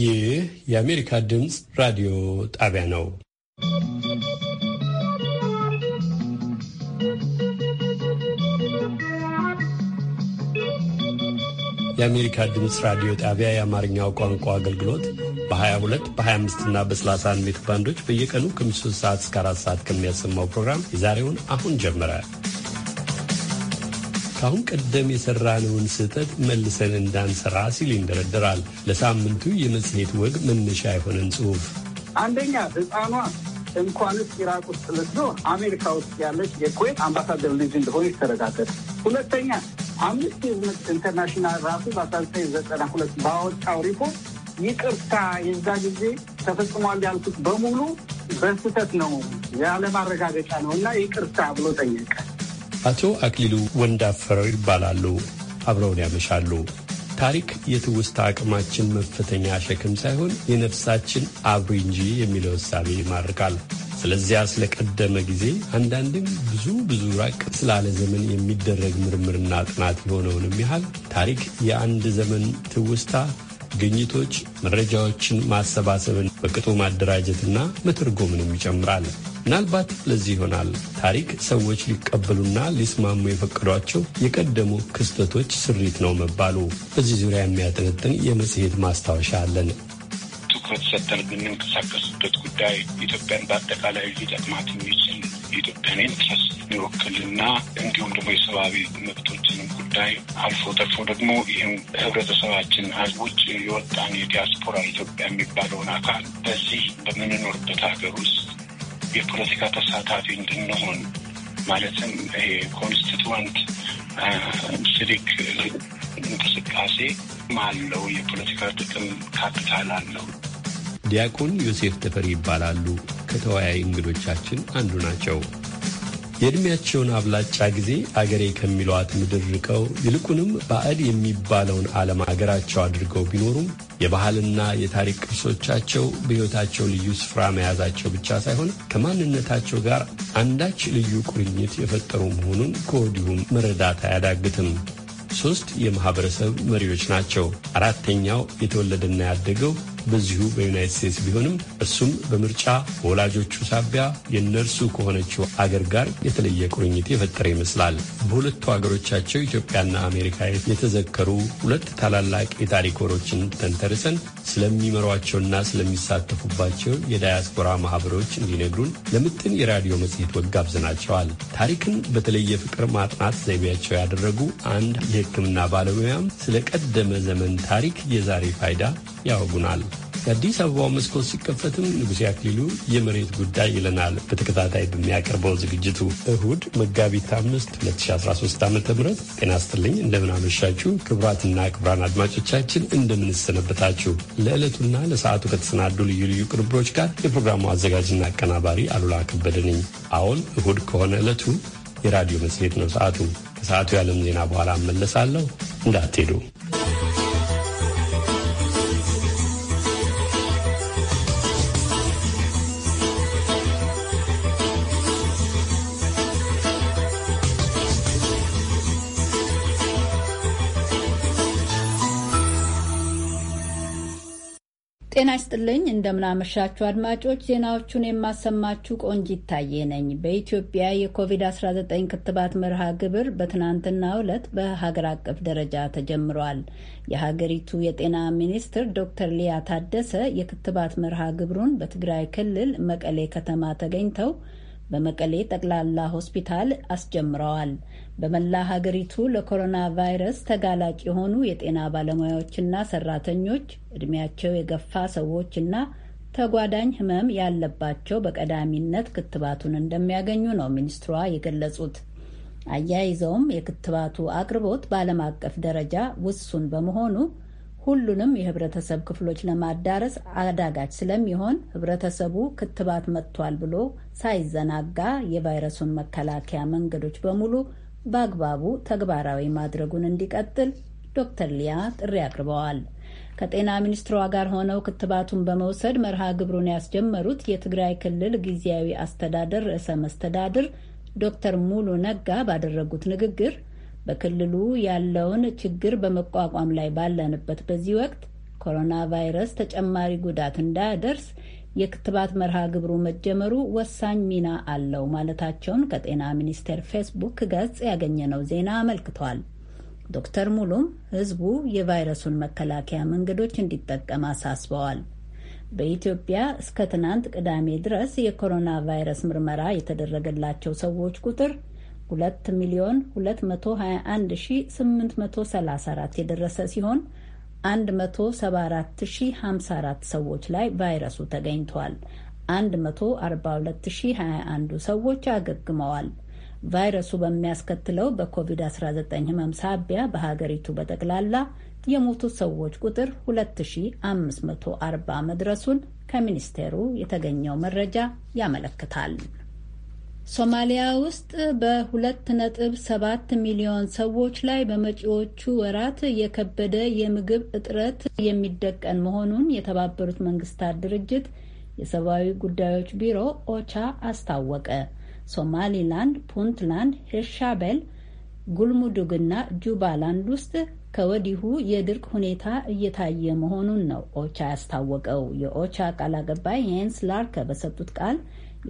ይህ የአሜሪካ ድምፅ ራዲዮ ጣቢያ ነው። የአሜሪካ ድምፅ ራዲዮ ጣቢያ የአማርኛው ቋንቋ አገልግሎት በ22 በ25 እና በ31 ሜትር ባንዶች በየቀኑ ከምሽቱ ሰዓት እስከ 4 ሰዓት ከሚያሰማው ፕሮግራም የዛሬውን አሁን ጀመረ። ከአሁን ቀደም የሰራነውን ስህተት መልሰን እንዳንሰራ ሲል ይንደረደራል። ለሳምንቱ የመጽሔት ወግ መነሻ የሆነን ጽሑፍ አንደኛ ህፃኗ እንኳንስ ኢራቅ ውስጥ ልትኖር አሜሪካ ውስጥ ያለች የኩዌት አምባሳደር ልጅ እንደሆነ ይተረጋገጥ። ሁለተኛ አምነስቲ ኢንተርናሽናል ራሱ በ1992 ባወጣው ሪፖርት ይቅርታ የዛ ጊዜ ተፈጽሟል ያልኩት በሙሉ በስህተት ነው ያለማረጋገጫ ነው እና ይቅርታ ብሎ ጠየቀ። አቶ አክሊሉ ወንዳፈረው ይባላሉ። አብረውን ያመሻሉ። ታሪክ የትውስታ አቅማችን መፈተኛ ሸክም ሳይሆን የነፍሳችን አብሪ እንጂ የሚለው እሳቤ ይማርካል። ስለዚያ ስለ ቀደመ ጊዜ አንዳንድም ብዙ ብዙ ራቅ ስላለ ዘመን የሚደረግ ምርምርና ጥናት የሆነውንም ያህል ታሪክ የአንድ ዘመን ትውስታ ግኝቶች፣ መረጃዎችን ማሰባሰብን በቅጡ ማደራጀትና መተርጎምንም ይጨምራል። ምናልባት ለዚህ ይሆናል ታሪክ ሰዎች ሊቀበሉና ሊስማሙ የፈቀዷቸው የቀደሙ ክስተቶች ስሪት ነው መባሉ። በዚህ ዙሪያ የሚያጠነጥን የመጽሔት ማስታወሻ አለን። ትኩረት ሰጠን ብንንቀሳቀስበት ጉዳይ ኢትዮጵያን በአጠቃላይ ሊጠቅማት የሚችል የኢትዮጵያን ኢንትረስት የሚወክልና እንዲሁም ደግሞ የሰብአዊ መብቶችንም ጉዳይ አልፎ ተርፎ ደግሞ ይህም ህብረተሰባችን ውጭ የወጣን የዲያስፖራ ኢትዮጵያ የሚባለውን አካል በዚህ በምንኖርበት ሀገር ውስጥ የፖለቲካ ተሳታፊ እንድንሆን ማለትም ኮንስቲትዋንት ሲቪክ እንቅስቃሴ አለው። የፖለቲካ ጥቅም ካፒታል አለው። ዲያቆን ዮሴፍ ተፈሪ ይባላሉ። ከተወያይ እንግዶቻችን አንዱ ናቸው። የዕድሜያቸውን አብላጫ ጊዜ አገሬ ከሚሏት ምድር ርቀው ይልቁንም ባዕድ የሚባለውን ዓለም አገራቸው አድርገው ቢኖሩም የባህልና የታሪክ ቅርሶቻቸው በሕይወታቸው ልዩ ስፍራ መያዛቸው ብቻ ሳይሆን ከማንነታቸው ጋር አንዳች ልዩ ቁርኝት የፈጠሩ መሆኑን ከወዲሁም መረዳት አያዳግትም። ሦስት የማኅበረሰብ መሪዎች ናቸው። አራተኛው የተወለደና ያደገው በዚሁ በዩናይት ስቴትስ ቢሆንም እሱም በምርጫ በወላጆቹ ሳቢያ የእነርሱ ከሆነችው አገር ጋር የተለየ ቁርኝት የፈጠረ ይመስላል። በሁለቱ አገሮቻቸው ኢትዮጵያና አሜሪካ የተዘከሩ ሁለት ታላላቅ የታሪክ ወሮችን ተንተርሰን ስለሚመሯቸውና ስለሚሳተፉባቸው የዳያስፖራ ማህበሮች እንዲነግሩን ለምጥን የራዲዮ መጽሔት ወግ ጋብዘናቸዋል። ታሪክን በተለየ ፍቅር ማጥናት ዘይቤያቸው ያደረጉ አንድ የሕክምና ባለሙያም ስለ ቀደመ ዘመን ታሪክ የዛሬ ፋይዳ ያወጉናል። የአዲስ አበባው መስኮት ሲከፈትም ንጉሴ አክሊሉ የመሬት ጉዳይ ይለናል። በተከታታይ በሚያቀርበው ዝግጅቱ እሁድ መጋቢት 5 2013 ዓ ም ጤና ስትልኝ እንደምናመሻችሁ ክቡራትና ክቡራን አድማጮቻችን እንደምንሰነበታችሁ። ለዕለቱና ለሰዓቱ ከተሰናዱ ልዩ ልዩ ቅንብሮች ጋር የፕሮግራሙ አዘጋጅና አቀናባሪ አሉላ ከበደ ነኝ። አሁን እሁድ ከሆነ ዕለቱ የራዲዮ መጽሔት ነው። ሰዓቱ ከሰዓቱ የዓለም ዜና በኋላ እመለሳለሁ። እንዳትሄዱ። ጤና ይስጥልኝ እንደምናመሻችሁ አድማጮች፣ ዜናዎቹን የማሰማችሁ ቆንጅ ይታየ ነኝ። በኢትዮጵያ የኮቪድ-19 ክትባት መርሃ ግብር በትናንትና ዕለት በሀገር አቀፍ ደረጃ ተጀምሯል። የሀገሪቱ የጤና ሚኒስትር ዶክተር ሊያ ታደሰ የክትባት መርሃ ግብሩን በትግራይ ክልል መቀሌ ከተማ ተገኝተው በመቀሌ ጠቅላላ ሆስፒታል አስጀምረዋል። በመላ ሀገሪቱ ለኮሮና ቫይረስ ተጋላጭ የሆኑ የጤና ባለሙያዎችና ሰራተኞች፣ እድሜያቸው የገፋ ሰዎችና ተጓዳኝ ህመም ያለባቸው በቀዳሚነት ክትባቱን እንደሚያገኙ ነው ሚኒስትሯ የገለጹት። አያይዘውም የክትባቱ አቅርቦት በዓለም አቀፍ ደረጃ ውሱን በመሆኑ ሁሉንም የህብረተሰብ ክፍሎች ለማዳረስ አዳጋች ስለሚሆን ህብረተሰቡ ክትባት መጥቷል ብሎ ሳይዘናጋ የቫይረሱን መከላከያ መንገዶች በሙሉ በአግባቡ ተግባራዊ ማድረጉን እንዲቀጥል ዶክተር ሊያ ጥሪ አቅርበዋል። ከጤና ሚኒስትሯ ጋር ሆነው ክትባቱን በመውሰድ መርሃ ግብሩን ያስጀመሩት የትግራይ ክልል ጊዜያዊ አስተዳደር ርዕሰ መስተዳድር ዶክተር ሙሉ ነጋ ባደረጉት ንግግር በክልሉ ያለውን ችግር በመቋቋም ላይ ባለንበት በዚህ ወቅት ኮሮና ቫይረስ ተጨማሪ ጉዳት እንዳያደርስ የክትባት መርሃ ግብሩ መጀመሩ ወሳኝ ሚና አለው ማለታቸውን ከጤና ሚኒስቴር ፌስቡክ ገጽ ያገኘነው ዜና አመልክቷል። ዶክተር ሙሉም ህዝቡ የቫይረሱን መከላከያ መንገዶች እንዲጠቀም አሳስበዋል። በኢትዮጵያ እስከ ትናንት ቅዳሜ ድረስ የኮሮና ቫይረስ ምርመራ የተደረገላቸው ሰዎች ቁጥር 2 ሚሊዮን 221,834 የደረሰ ሲሆን 174054 ሰዎች ላይ ቫይረሱ ተገኝቷል። 142021 ሰዎች አገግመዋል። ቫይረሱ በሚያስከትለው በኮቪድ-19 ህመም ሳቢያ በሀገሪቱ በጠቅላላ የሞቱ ሰዎች ቁጥር 2540 መድረሱን ከሚኒስቴሩ የተገኘው መረጃ ያመለክታል። ሶማሊያ ውስጥ በሁለት ነጥብ ሰባት ሚሊዮን ሰዎች ላይ በመጪዎቹ ወራት የከበደ የምግብ እጥረት የሚደቀን መሆኑን የተባበሩት መንግስታት ድርጅት የሰብአዊ ጉዳዮች ቢሮ ኦቻ አስታወቀ። ሶማሊላንድ፣ ፑንትላንድ፣ ሄርሻቤል፣ ጉልሙዱግና ጁባላንድ ውስጥ ከወዲሁ የድርቅ ሁኔታ እየታየ መሆኑን ነው ኦቻ ያስታወቀው። የኦቻ ቃል አቀባይ ሄንስ ላርከ በሰጡት ቃል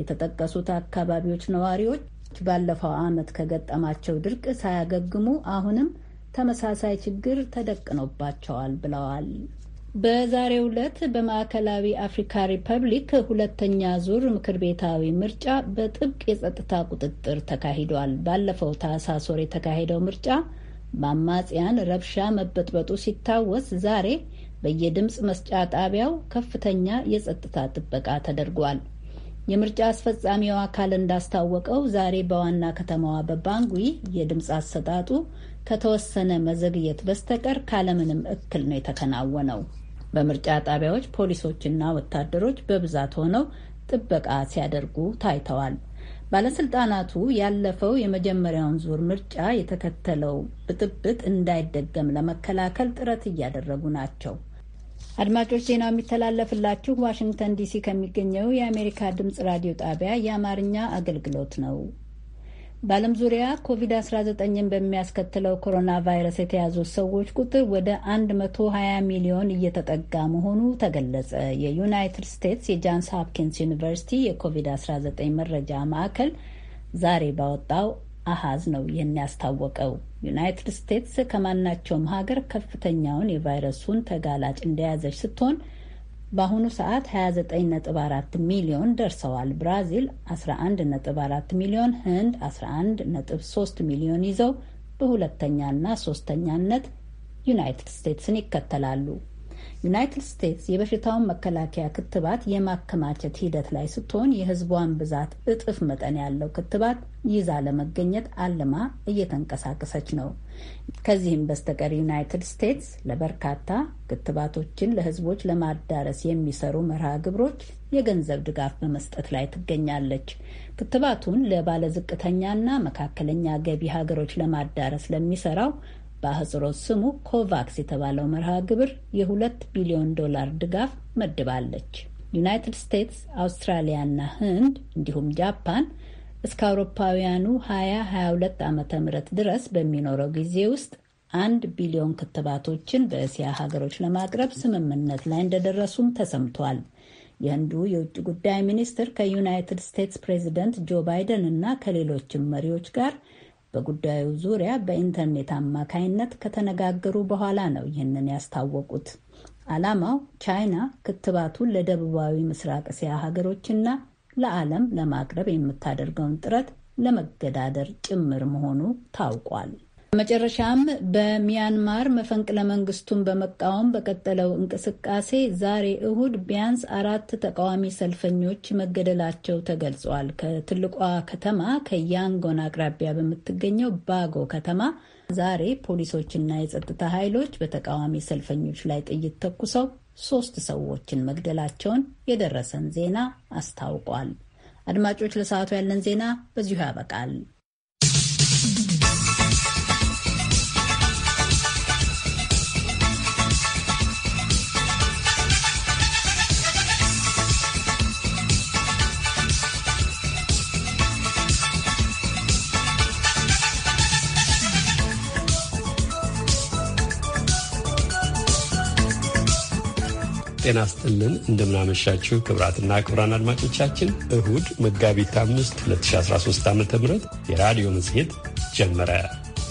የተጠቀሱት አካባቢዎች ነዋሪዎች ባለፈው ዓመት ከገጠማቸው ድርቅ ሳያገግሙ አሁንም ተመሳሳይ ችግር ተደቅኖባቸዋል ብለዋል። በዛሬው ዕለት በማዕከላዊ አፍሪካ ሪፐብሊክ ሁለተኛ ዙር ምክር ቤታዊ ምርጫ በጥብቅ የጸጥታ ቁጥጥር ተካሂዷል። ባለፈው ታህሳስ ወር የተካሄደው ምርጫ በአማጽያን ረብሻ መበጥበጡ ሲታወስ ዛሬ በየድምፅ መስጫ ጣቢያው ከፍተኛ የጸጥታ ጥበቃ ተደርጓል። የምርጫ አስፈጻሚው አካል እንዳስታወቀው ዛሬ በዋና ከተማዋ በባንጉ የድምፅ አሰጣጡ ከተወሰነ መዘግየት በስተቀር ካለምንም እክል ነው የተከናወነው። በምርጫ ጣቢያዎች ፖሊሶችና ወታደሮች በብዛት ሆነው ጥበቃ ሲያደርጉ ታይተዋል። ባለስልጣናቱ ያለፈው የመጀመሪያውን ዙር ምርጫ የተከተለው ብጥብጥ እንዳይደገም ለመከላከል ጥረት እያደረጉ ናቸው። አድማጮች ዜናው የሚተላለፍላችሁ ዋሽንግተን ዲሲ ከሚገኘው የአሜሪካ ድምፅ ራዲዮ ጣቢያ የአማርኛ አገልግሎት ነው። በዓለም ዙሪያ ኮቪድ-19ን በሚያስከትለው ኮሮና ቫይረስ የተያዙ ሰዎች ቁጥር ወደ 120 ሚሊዮን እየተጠጋ መሆኑ ተገለጸ። የዩናይትድ ስቴትስ የጃንስ ሀፕኪንስ ዩኒቨርሲቲ የኮቪድ-19 መረጃ ማዕከል ዛሬ ባወጣው አሃዝ ነው ይህን ያስታወቀው። ዩናይትድ ስቴትስ ከማናቸውም ሀገር ከፍተኛውን የቫይረሱን ተጋላጭ እንደያዘች ስትሆን በአሁኑ ሰዓት 29.4 ሚሊዮን ደርሰዋል። ብራዚል 11.4 ሚሊዮን፣ ህንድ 11.3 ሚሊዮን ይዘው በሁለተኛና ሶስተኛነት ዩናይትድ ስቴትስን ይከተላሉ። ዩናይትድ ስቴትስ የበሽታውን መከላከያ ክትባት የማከማቸት ሂደት ላይ ስትሆን የሕዝቧን ብዛት እጥፍ መጠን ያለው ክትባት ይዛ ለመገኘት አልማ እየተንቀሳቀሰች ነው። ከዚህም በስተቀር ዩናይትድ ስቴትስ ለበርካታ ክትባቶችን ለሕዝቦች ለማዳረስ የሚሰሩ መርሃ ግብሮች የገንዘብ ድጋፍ በመስጠት ላይ ትገኛለች። ክትባቱን ለባለዝቅተኛና መካከለኛ ገቢ ሀገሮች ለማዳረስ ለሚሰራው በአህጽሮት ስሙ ኮቫክስ የተባለው መርሃ ግብር የሁለት ቢሊዮን ዶላር ድጋፍ መድባለች። ዩናይትድ ስቴትስ፣ አውስትራሊያና ህንድ እንዲሁም ጃፓን እስከ አውሮፓውያኑ 2022 ዓ. ም ድረስ በሚኖረው ጊዜ ውስጥ አንድ ቢሊዮን ክትባቶችን በእስያ ሀገሮች ለማቅረብ ስምምነት ላይ እንደደረሱም ተሰምቷል። የህንዱ የውጭ ጉዳይ ሚኒስትር ከዩናይትድ ስቴትስ ፕሬዚደንት ጆ ባይደን እና ከሌሎችም መሪዎች ጋር በጉዳዩ ዙሪያ በኢንተርኔት አማካይነት ከተነጋገሩ በኋላ ነው ይህንን ያስታወቁት። ዓላማው ቻይና ክትባቱን ለደቡባዊ ምስራቅ እስያ ሀገሮችና ለዓለም ለማቅረብ የምታደርገውን ጥረት ለመገዳደር ጭምር መሆኑ ታውቋል። መጨረሻም በሚያንማር መፈንቅለ መንግስቱን በመቃወም በቀጠለው እንቅስቃሴ ዛሬ እሁድ ቢያንስ አራት ተቃዋሚ ሰልፈኞች መገደላቸው ተገልጿል። ከትልቋ ከተማ ከያንጎን አቅራቢያ በምትገኘው ባጎ ከተማ ዛሬ ፖሊሶችና የጸጥታ ኃይሎች በተቃዋሚ ሰልፈኞች ላይ ጥይት ተኩሰው ሶስት ሰዎችን መግደላቸውን የደረሰን ዜና አስታውቋል። አድማጮች፣ ለሰዓቱ ያለን ዜና በዚሁ ያበቃል። ጤና ስጥልን እንደምናመሻችሁ ክብራትና ክብራን አድማጮቻችን እሁድ መጋቢት አምስት 2013 ዓ ም የራዲዮ መጽሔት ጀመረ።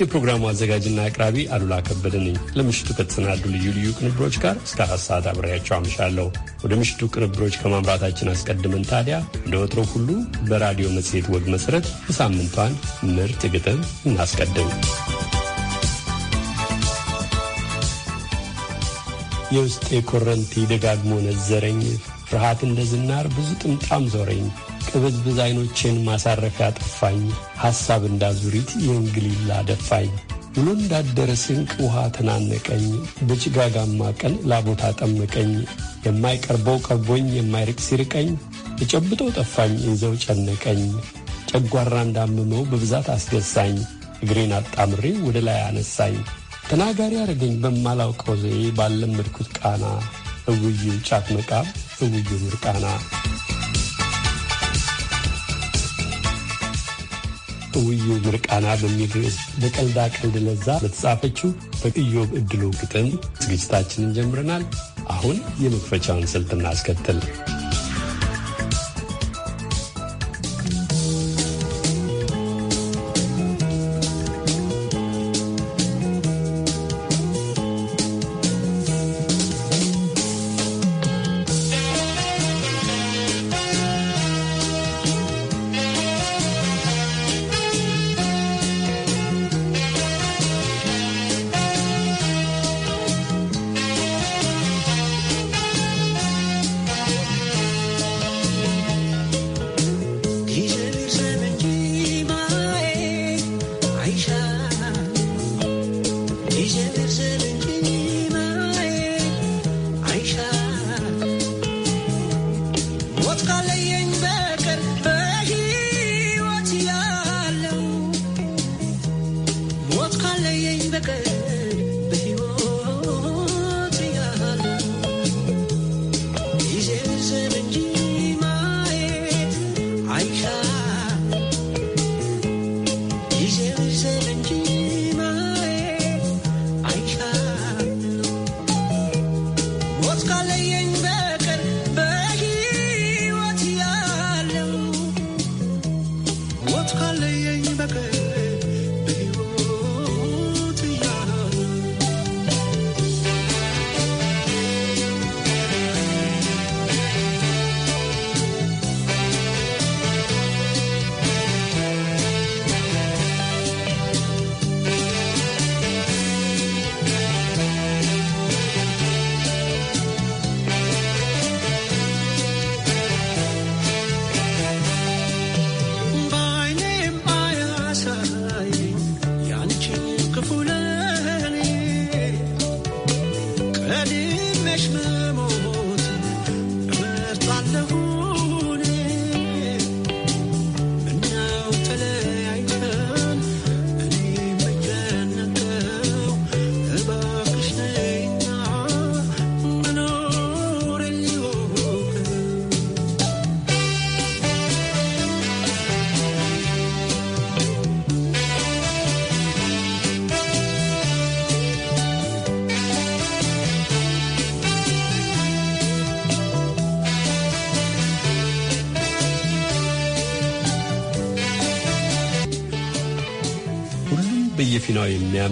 የፕሮግራሙ አዘጋጅና አቅራቢ አሉላ ከበደ ነኝ። ለምሽቱ ከተሰናዱ ልዩ ልዩ ቅንብሮች ጋር እስከ አራት ሰዓት አብሬያቸው አምሻለሁ። ወደ ምሽቱ ቅንብሮች ከማምራታችን አስቀድመን ታዲያ እንደ ወትሮ ሁሉ በራዲዮ መጽሔት ወግ መሠረት የሳምንቷን ምርጥ ግጥም እናስቀድም። የውስጤ ኮረንቲ ደጋግሞ ነዘረኝ። ፍርሃት እንደ ዝናር ብዙ ጥምጣም ዞረኝ። ቅብዝብዝ ዓይኖቼን ማሳረፊያ ጠፋኝ። ሐሳብ እንዳዙሪት የእንግሊላ ደፋኝ። ውሎ እንዳደረ ስንቅ ውሃ ተናነቀኝ። በጭጋጋማ ቀን ላቦታ ጠመቀኝ። የማይቀርበው ቀርቦኝ የማይርቅ ሲርቀኝ የጨብጠው ጠፋኝ ይዘው ጨነቀኝ። ጨጓራ እንዳመመው በብዛት አስገሳኝ። እግሬን አጣምሬ ወደ ላይ አነሳኝ። ተናጋሪ አደረገኝ በማላውቀው ዘዬ ባለመድኩት ቃና እውዩ ጫት መቃም እውዩ ምርቃና እውዩ ምርቃና በሚል ርዕስ በቀልዳ ቀልድ ለዛ በተጻፈችው በኢዮብ እድሉ ግጥም ዝግጅታችንን ጀምረናል። አሁን የመክፈቻውን ስልት እናስከትል።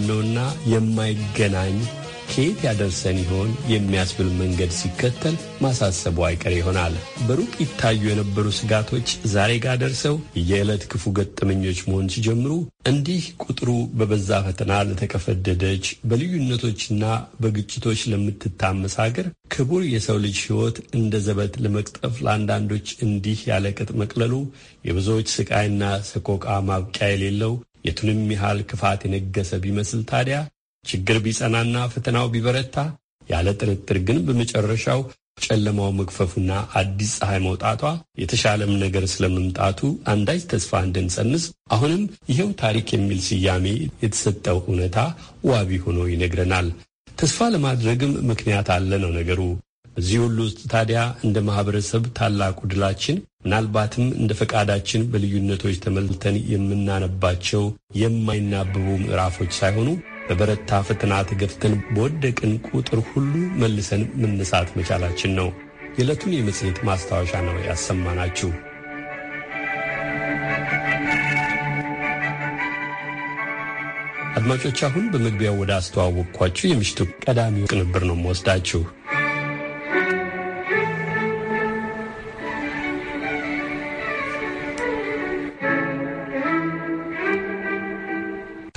ከባድ የማይገናኝ ከየት ያደርሰን ይሆን የሚያስብል መንገድ ሲከተል ማሳሰቡ አይቀር ይሆናል። በሩቅ ይታዩ የነበሩ ስጋቶች ዛሬ ጋር ደርሰው የዕለት ክፉ ገጠመኞች መሆን ሲጀምሩ እንዲህ ቁጥሩ በበዛ ፈተና ለተቀፈደደች በልዩነቶችና በግጭቶች ለምትታመስ ሀገር ክቡር የሰው ልጅ ሕይወት እንደ ዘበት ለመቅጠፍ ለአንዳንዶች እንዲህ ያለ ቅጥ መቅለሉ የብዙዎች ስቃይና ሰቆቃ ማብቂያ የሌለው የቱንም ያህል ክፋት የነገሰ ቢመስል ታዲያ ችግር ቢጸናና ፈተናው ቢበረታ ያለ ጥርጥር ግን በመጨረሻው ጨለማው መግፈፉና አዲስ ፀሐይ መውጣቷ የተሻለም ነገር ስለመምጣቱ አንዳች ተስፋ እንድንጸንስ አሁንም ይኸው ታሪክ የሚል ስያሜ የተሰጠው እውነታ ዋቢ ሆኖ ይነግረናል። ተስፋ ለማድረግም ምክንያት አለ ነው ነገሩ። በዚህ ሁሉ ውስጥ ታዲያ እንደ ማህበረሰብ ታላቁ ድላችን ምናልባትም እንደ ፈቃዳችን በልዩነቶች ተመልተን የምናነባቸው የማይናበቡ ምዕራፎች ሳይሆኑ በበረታ ፈተና ተገፍተን በወደቅን ቁጥር ሁሉ መልሰን መነሳት መቻላችን ነው። የዕለቱን የመጽሔት ማስታወሻ ነው ያሰማናችሁ። አድማጮች አሁን በመግቢያው ወደ አስተዋወቅኳችሁ የምሽቱ ቀዳሚው ቅንብር ነው የምወስዳችሁ።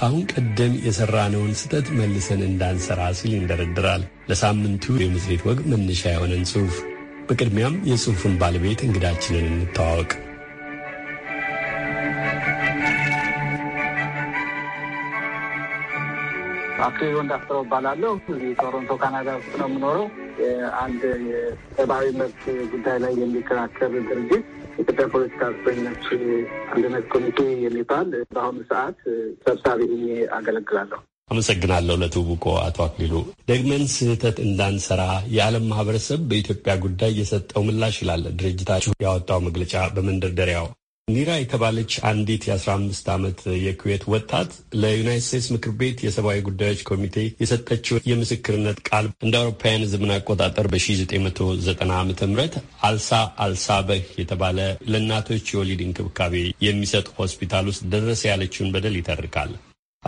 አሁን ቀደም የሰራነውን ስህተት መልሰን እንዳንሰራ ሲል ይንደረድራል። ለሳምንቱ የመጽሔት ወግ መነሻ የሆነን ጽሑፍ በቅድሚያም የጽሑፉን ባለቤት እንግዳችንን እንተዋወቅ። አክሊሉ እንዳፈረው እባላለሁ። ቶሮንቶ ካናዳ ውስጥ ነው የምኖረው። አንድ የሰብአዊ መብት ጉዳይ ላይ የሚከራከር ድርጅት የኢትዮጵያ ፖለቲካ እስረኞች አንድነት ኮሚቴ የሚባል በአሁኑ ሰዓት ሰብሳቢ አገለግላለሁ። አመሰግናለሁ ለትውውቆ አቶ አክሊሉ። ደግመን ስህተት እንዳንሰራ የዓለም ማህበረሰብ በኢትዮጵያ ጉዳይ የሰጠው ምላሽ ይላል ድርጅታችሁ ያወጣው መግለጫ በመንደርደሪያው ኒራ የተባለች አንዲት የ15 ዓመት የኩዌት ወጣት ለዩናይት ስቴትስ ምክር ቤት የሰብአዊ ጉዳዮች ኮሚቴ የሰጠችው የምስክርነት ቃል እንደ አውሮፓውያን ዘመን አቆጣጠር በ1990 ዓ ም አልሳ አልሳበህ የተባለ ለእናቶች የወሊድ እንክብካቤ የሚሰጥ ሆስፒታል ውስጥ ደረሰ ያለችውን በደል ይተርካል።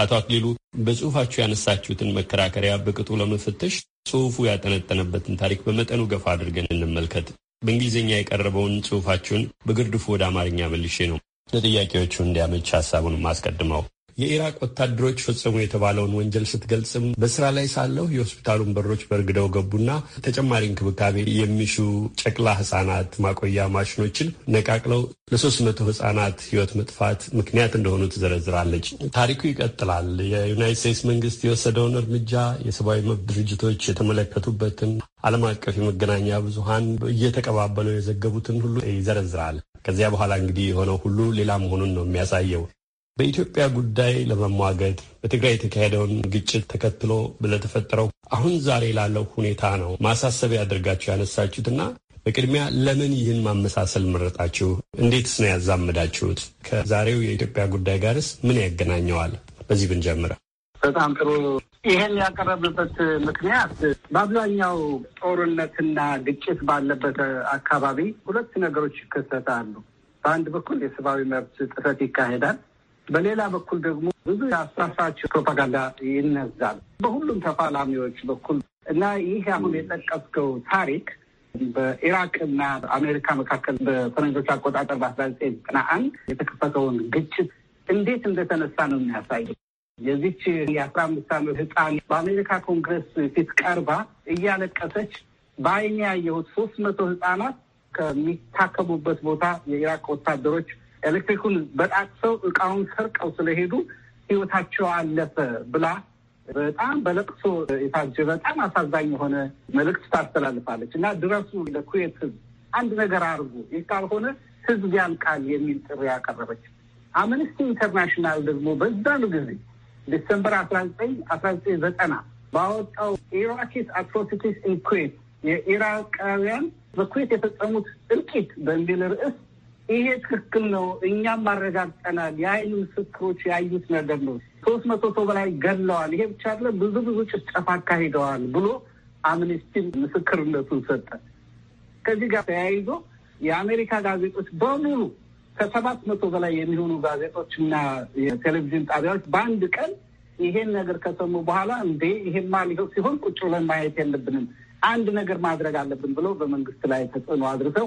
አቶ አክሊሉ በጽሁፋችሁ ያነሳችሁትን መከራከሪያ በቅጡ ለመፈተሽ ጽሁፉ ያጠነጠነበትን ታሪክ በመጠኑ ገፋ አድርገን እንመልከት። በእንግሊዝኛ የቀረበውን ጽሁፋችሁን በግርድፉ ወደ አማርኛ መልሼ ነው ለጥያቄዎቹ እንዲያመች ሀሳቡን አስቀድመው። የኢራቅ ወታደሮች ፈጸሙ የተባለውን ወንጀል ስትገልጽም በስራ ላይ ሳለሁ የሆስፒታሉን በሮች በርግደው ገቡና ተጨማሪ እንክብካቤ የሚሹ ጨቅላ ህጻናት ማቆያ ማሽኖችን ነቃቅለው ለሶስት መቶ ህጻናት ህይወት መጥፋት ምክንያት እንደሆኑ ትዘረዝራለች። ታሪኩ ይቀጥላል። የዩናይት ስቴትስ መንግስት የወሰደውን እርምጃ የሰብአዊ መብት ድርጅቶች የተመለከቱበትን፣ ዓለም አቀፍ የመገናኛ ብዙሀን እየተቀባበለው የዘገቡትን ሁሉ ይዘረዝራል። ከዚያ በኋላ እንግዲህ የሆነው ሁሉ ሌላ መሆኑን ነው የሚያሳየው። በኢትዮጵያ ጉዳይ ለመሟገት በትግራይ የተካሄደውን ግጭት ተከትሎ ብለተፈጠረው አሁን ዛሬ ላለው ሁኔታ ነው ማሳሰቢያ አድርጋችሁ ያነሳችሁትና በቅድሚያ ለምን ይህን ማመሳሰል መረጣችሁ? እንዴትስ ነው ያዛመዳችሁት? ከዛሬው የኢትዮጵያ ጉዳይ ጋርስ ምን ያገናኘዋል? በዚህ ብንጀምረ በጣም ጥሩ። ይህን ያቀረብንበት ምክንያት በአብዛኛው ጦርነትና ግጭት ባለበት አካባቢ ሁለት ነገሮች ይከሰታሉ። በአንድ በኩል የሰብአዊ መብት ጥሰት ይካሄዳል። በሌላ በኩል ደግሞ ብዙ የአሳሳች ፕሮፓጋንዳ ይነዛል በሁሉም ተፋላሚዎች በኩል እና ይህ አሁን የጠቀስከው ታሪክ በኢራቅ እና አሜሪካ መካከል በፈረንጆች አቆጣጠር በአስራ ዘጠኝ ዘጠና አንድ የተከፈተውን ግጭት እንዴት እንደተነሳ ነው የሚያሳየው። የዚች የአስራ አምስት ዓመት ህፃን በአሜሪካ ኮንግረስ ፊት ቀርባ እያለቀሰች በአይን ያየሁት ሶስት መቶ ህፃናት ከሚታከሙበት ቦታ የኢራቅ ወታደሮች ኤሌክትሪኩን በጣቅሰው እቃውን ሰርቀው ስለሄዱ ህይወታቸው አለፈ ብላ በጣም በለቅሶ የታጀ በጣም አሳዛኝ የሆነ መልእክት ታስተላልፋለች እና ድረሱ ለኩዌት ህዝብ አንድ ነገር አድርጉ፣ ይህ ካልሆነ ህዝብ ያልቃል የሚል ጥሪ ያቀረበች። አምነስቲ ኢንተርናሽናል ደግሞ በዛኑ ጊዜ ዲሰምበር አስራ ዘጠኝ አስራ ዘጠኝ ዘጠና ባወጣው ኢራኪስ አትሮሲቲስ ኢን ኩዌት የኢራቃውያን በኩዌት የፈጸሙት እልቂት በሚል ርዕስ ይሄ ትክክል ነው፣ እኛም አረጋግጠናል የአይን ምስክሮች ያዩት ነገር ነው። ሶስት መቶ ሰው በላይ ገለዋል ይሄ ብቻ አይደለም፣ ብዙ ብዙ ጭፍጨፋ አካሂደዋል ብሎ አምነስቲ ምስክርነቱን ሰጠ። ከዚህ ጋር ተያይዞ የአሜሪካ ጋዜጦች በሙሉ ከሰባት መቶ በላይ የሚሆኑ ጋዜጦች እና የቴሌቪዥን ጣቢያዎች በአንድ ቀን ይሄን ነገር ከሰሙ በኋላ እንዴ ይሄማ ሊሆን ሲሆን ቁጭ ብለን ማየት የለብንም፣ አንድ ነገር ማድረግ አለብን ብለው በመንግስት ላይ ተጽዕኖ አድርሰው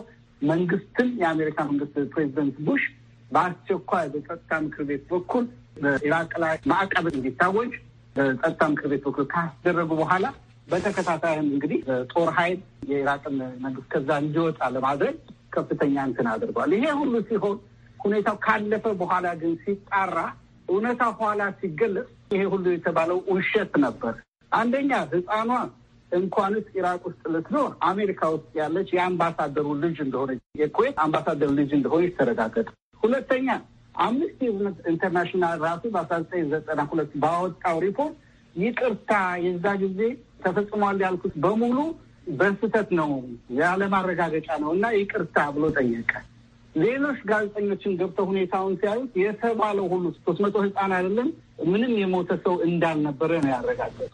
መንግስትም የአሜሪካ መንግስት ፕሬዚደንት ቡሽ በአስቸኳይ በጸጥታ ምክር ቤት በኩል በኢራቅ ላይ ማዕቀብ እንዲታወጅ በጸጥታ ምክር ቤት በኩል ካስደረጉ በኋላ በተከታታይም እንግዲህ ጦር ኃይል የኢራቅን መንግስት ከዛ እንዲወጣ ለማድረግ ከፍተኛ እንትን አድርጓል። ይሄ ሁሉ ሲሆን ሁኔታው ካለፈ በኋላ ግን ሲጣራ እውነታ ኋላ ሲገለጽ ይሄ ሁሉ የተባለው ውሸት ነበር። አንደኛ ህፃኗ እንኳንስ ኢራቅ ውስጥ ልትኖር አሜሪካ ውስጥ ያለች የአምባሳደሩ ልጅ እንደሆነ የኩዌት አምባሳደር ልጅ እንደሆነ ተረጋገጠ። ሁለተኛ አምነስቲ ኢንተርናሽናል ራሱ በአስራ ዘጠኝ ዘጠና ሁለት ባወጣው ሪፖርት ይቅርታ የዛ ጊዜ ተፈጽሟል ያልኩት በሙሉ በስህተት ነው ያለማረጋገጫ ነው እና ይቅርታ ብሎ ጠየቀ። ሌሎች ጋዜጠኞችን ገብተው ሁኔታውን ሲያዩት የተባለው ሁሉ ሶስት መቶ ህፃን አይደለም ምንም የሞተ ሰው እንዳልነበረ ነው ያረጋገጡ።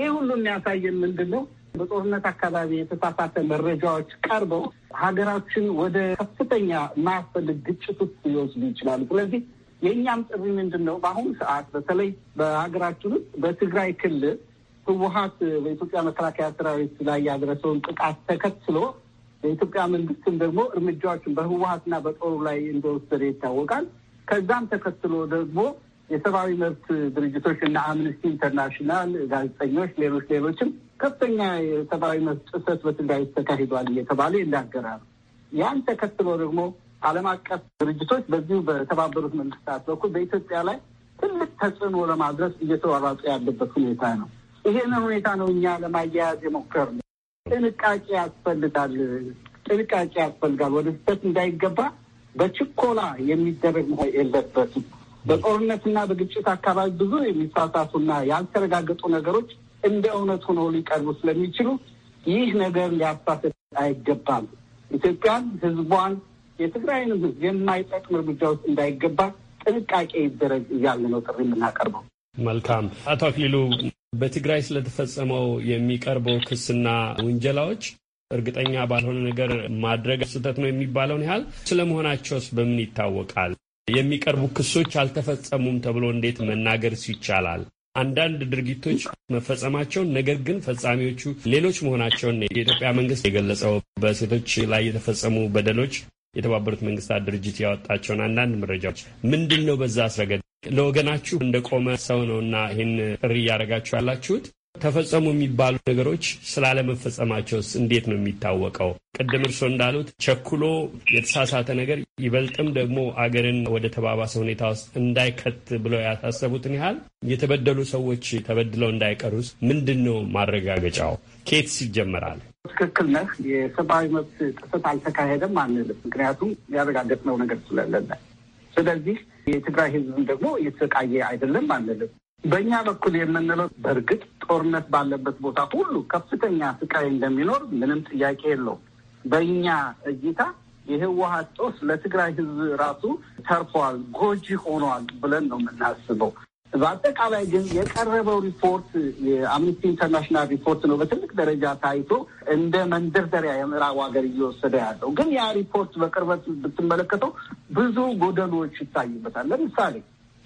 ይህ ሁሉ የሚያሳየ ምንድን ነው? በጦርነት አካባቢ የተሳሳተ መረጃዎች ቀርበው ሀገራችን ወደ ከፍተኛ ማያስፈልግ ግጭት ውስጥ ሊወስዱ ይችላሉ። ስለዚህ የእኛም ጥሪ ምንድን ነው? በአሁኑ ሰዓት በተለይ በሀገራችን ውስጥ በትግራይ ክልል ህወሀት በኢትዮጵያ መከላከያ ሰራዊት ላይ ያደረሰውን ጥቃት ተከትሎ የኢትዮጵያ መንግስትም ደግሞ እርምጃዎችን በህወሀትና በጦሩ ላይ እንደወሰደ ይታወቃል። ከዛም ተከትሎ ደግሞ የሰብአዊ መብት ድርጅቶች እና አምነስቲ ኢንተርናሽናል፣ ጋዜጠኞች፣ ሌሎች ሌሎችም ከፍተኛ የሰብአዊ መብት ጥሰት በትግራይ ተካሂዷል እየተባለ ይናገራሉ። ያን ተከትሎ ደግሞ ዓለም አቀፍ ድርጅቶች በዚሁ በተባበሩት መንግስታት በኩል በኢትዮጵያ ላይ ትልቅ ተጽዕኖ ለማድረስ እየተሯሯጡ ያለበት ሁኔታ ነው። ይሄንን ሁኔታ ነው እኛ ለማያያዝ የሞከርነው። ጥንቃቄ ያስፈልጋል፣ ጥንቃቄ ያስፈልጋል። ወደ ስህተት እንዳይገባ በችኮላ የሚደረግ መሆን የለበትም። በጦርነትና በግጭት አካባቢ ብዙ የሚሳሳቱና ያልተረጋገጡ ነገሮች እንደ እውነት ሆነው ሊቀርቡ ስለሚችሉ ይህ ነገር ሊያሳስት አይገባም። ኢትዮጵያን፣ ህዝቧን የትግራይን ህዝብ የማይጠቅም እርምጃ ውስጥ እንዳይገባ ጥንቃቄ ይደረግ እያለ ነው ጥሪ የምናቀርበው። መልካም አቶ አክሊሉ በትግራይ ስለተፈጸመው የሚቀርበው ክስና ውንጀላዎች እርግጠኛ ባልሆነ ነገር ማድረግ ስህተት ነው የሚባለውን ያህል ስለመሆናቸውስ በምን ይታወቃል? የሚቀርቡ ክሶች አልተፈጸሙም ተብሎ እንዴት መናገር ይቻላል? አንዳንድ ድርጊቶች መፈጸማቸውን ነገር ግን ፈጻሚዎቹ ሌሎች መሆናቸውን የኢትዮጵያ መንግስት የገለጸው በሴቶች ላይ የተፈጸሙ በደሎች የተባበሩት መንግስታት ድርጅት ያወጣቸውን አንዳንድ መረጃዎች ምንድን ነው? በዛ አስረገድ ለወገናችሁ እንደቆመ ሰው ነው እና ይህን ጥሪ እያደረጋችሁ ያላችሁት ተፈጸሙ የሚባሉ ነገሮች ስላለመፈጸማቸውስ እንዴት ነው የሚታወቀው? ቅድም እርሶ እንዳሉት ቸኩሎ የተሳሳተ ነገር ይበልጥም ደግሞ አገርን ወደ ተባባሰ ሁኔታ ውስጥ እንዳይከት ብለው ያሳሰቡትን ያህል የተበደሉ ሰዎች ተበድለው እንዳይቀሩስ ምንድን ነው ማረጋገጫው? ኬትስ ይጀመራል? ትክክል ነህ። የሰብአዊ መብት ጥሰት አልተካሄደም አንልም፣ ምክንያቱም ያረጋገጥነው ነገር ስለሌለ። ስለዚህ የትግራይ ህዝብም ደግሞ እየተሰቃየ አይደለም አንልም። በእኛ በኩል የምንለው በእርግጥ ጦርነት ባለበት ቦታ ሁሉ ከፍተኛ ስቃይ እንደሚኖር ምንም ጥያቄ የለውም። በእኛ እይታ የህወሀት ጦስ ለትግራይ ህዝብ ራሱ ተርፏል፣ ጎጂ ሆኗል ብለን ነው የምናስበው። በአጠቃላይ ግን የቀረበው ሪፖርት የአምነስቲ ኢንተርናሽናል ሪፖርት ነው በትልቅ ደረጃ ታይቶ እንደ መንደርደሪያ የምዕራቡ ሀገር እየወሰደ ያለው ግን ያ ሪፖርት በቅርበት ብትመለከተው ብዙ ጎደሎች ይታዩበታል። ለምሳሌ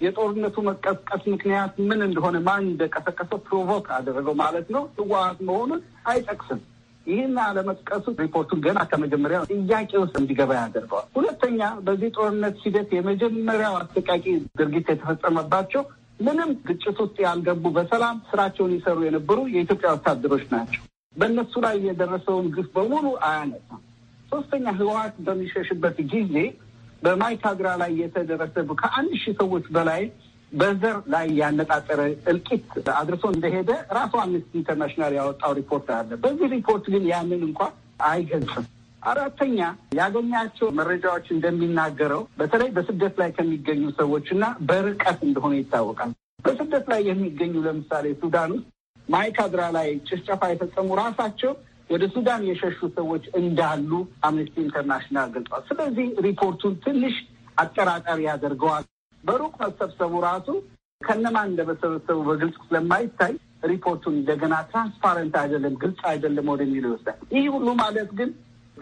የጦርነቱ መቀስቀስ ምክንያት ምን እንደሆነ ማን እንደቀሰቀሰ ፕሮቮክ አደረገው ማለት ነው ህወሓት መሆኑን አይጠቅስም። ይህን አለመጥቀሱ ሪፖርቱን ገና ከመጀመሪያ ጥያቄ ውስጥ እንዲገባ ያደርገዋል። ሁለተኛ በዚህ ጦርነት ሂደት የመጀመሪያው አሰቃቂ ድርጊት የተፈጸመባቸው ምንም ግጭት ውስጥ ያልገቡ በሰላም ስራቸውን ይሰሩ የነበሩ የኢትዮጵያ ወታደሮች ናቸው። በእነሱ ላይ የደረሰውን ግፍ በሙሉ አያነሳም። ሶስተኛ ህወሀት በሚሸሽበት ጊዜ በማይካድራ ላይ የተደረሰ ከአንድ ሺህ ሰዎች በላይ በዘር ላይ ያነጣጠረ እልቂት አድርሶ እንደሄደ ራሱ አምነስቲ ኢንተርናሽናል ያወጣው ሪፖርት አለ። በዚህ ሪፖርት ግን ያንን እንኳን አይገልጽም። አራተኛ ያገኛቸው መረጃዎች እንደሚናገረው በተለይ በስደት ላይ ከሚገኙ ሰዎች እና በርቀት እንደሆነ ይታወቃል። በስደት ላይ የሚገኙ ለምሳሌ ሱዳን ውስጥ ማይካድራ ላይ ጭፍጨፋ የፈጸሙ ራሳቸው ወደ ሱዳን የሸሹ ሰዎች እንዳሉ አምነስቲ ኢንተርናሽናል ገልጿል። ስለዚህ ሪፖርቱን ትንሽ አጠራጣሪ ያደርገዋል። በሩቅ መሰብሰቡ ራሱ ከነማን እንደመሰበሰቡ በግልጽ ስለማይታይ ሪፖርቱን እንደገና ትራንስፓረንት አይደለም፣ ግልጽ አይደለም ወደሚለው ይወስዳል። ይህ ሁሉ ማለት ግን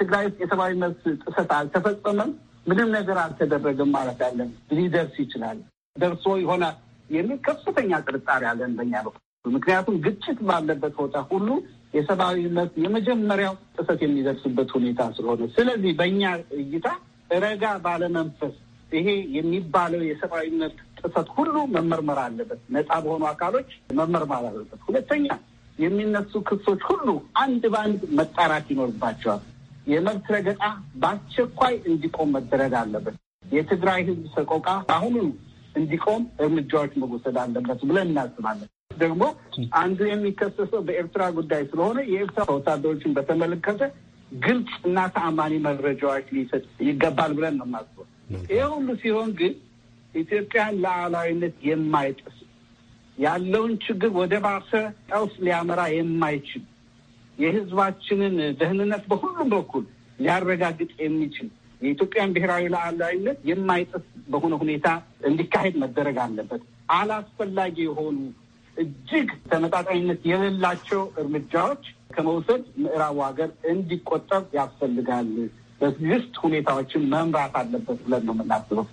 ትግራይ ውስጥ የሰብአዊ መብት ጥሰት አልተፈጸመም፣ ምንም ነገር አልተደረገም ማለት አለን። ሊደርስ ይችላል ደርሶ ይሆናል የሚል ከፍተኛ ጥርጣሬ አለን በኛ በኩል። ምክንያቱም ግጭት ባለበት ቦታ ሁሉ የሰብአዊነት የመጀመሪያው ጥሰት የሚደርስበት ሁኔታ ስለሆነ ስለዚህ በእኛ እይታ ረጋ ባለመንፈስ ይሄ የሚባለው የሰብአዊነት ጥሰት ሁሉ መመርመር አለበት። ነፃ በሆኑ አካሎች መመርመር አለበት። ሁለተኛ የሚነሱ ክሶች ሁሉ አንድ በአንድ መጣራት ይኖርባቸዋል። የመብት ረገጣ በአስቸኳይ እንዲቆም መደረግ አለበት። የትግራይ ህዝብ ሰቆቃ አሁኑ እንዲቆም እርምጃዎች መወሰድ አለበት ብለን እናስባለን። ደግሞ አንዱ የሚከሰሰው በኤርትራ ጉዳይ ስለሆነ የኤርትራ ወታደሮችን በተመለከተ ግልጽ እና ተአማኒ መረጃዎች ሊሰጥ ይገባል ብለን ነው የማስበው። ይህ ሁሉ ሲሆን ግን ኢትዮጵያን ሉዓላዊነት የማይጥስ ያለውን ችግር ወደ ባሰ ቀውስ ሊያመራ የማይችል የሕዝባችንን ደህንነት በሁሉም በኩል ሊያረጋግጥ የሚችል የኢትዮጵያን ብሔራዊ ሉዓላዊነት የማይጥስ በሆነ ሁኔታ እንዲካሄድ መደረግ አለበት። አላስፈላጊ የሆኑ እጅግ ተመጣጣኝነት የሌላቸው እርምጃዎች ከመውሰድ ምዕራቡ ሀገር እንዲቆጠብ ያስፈልጋል። በዚህ ሁኔታዎችን መምራት አለበት ብለን ነው የምናስበው።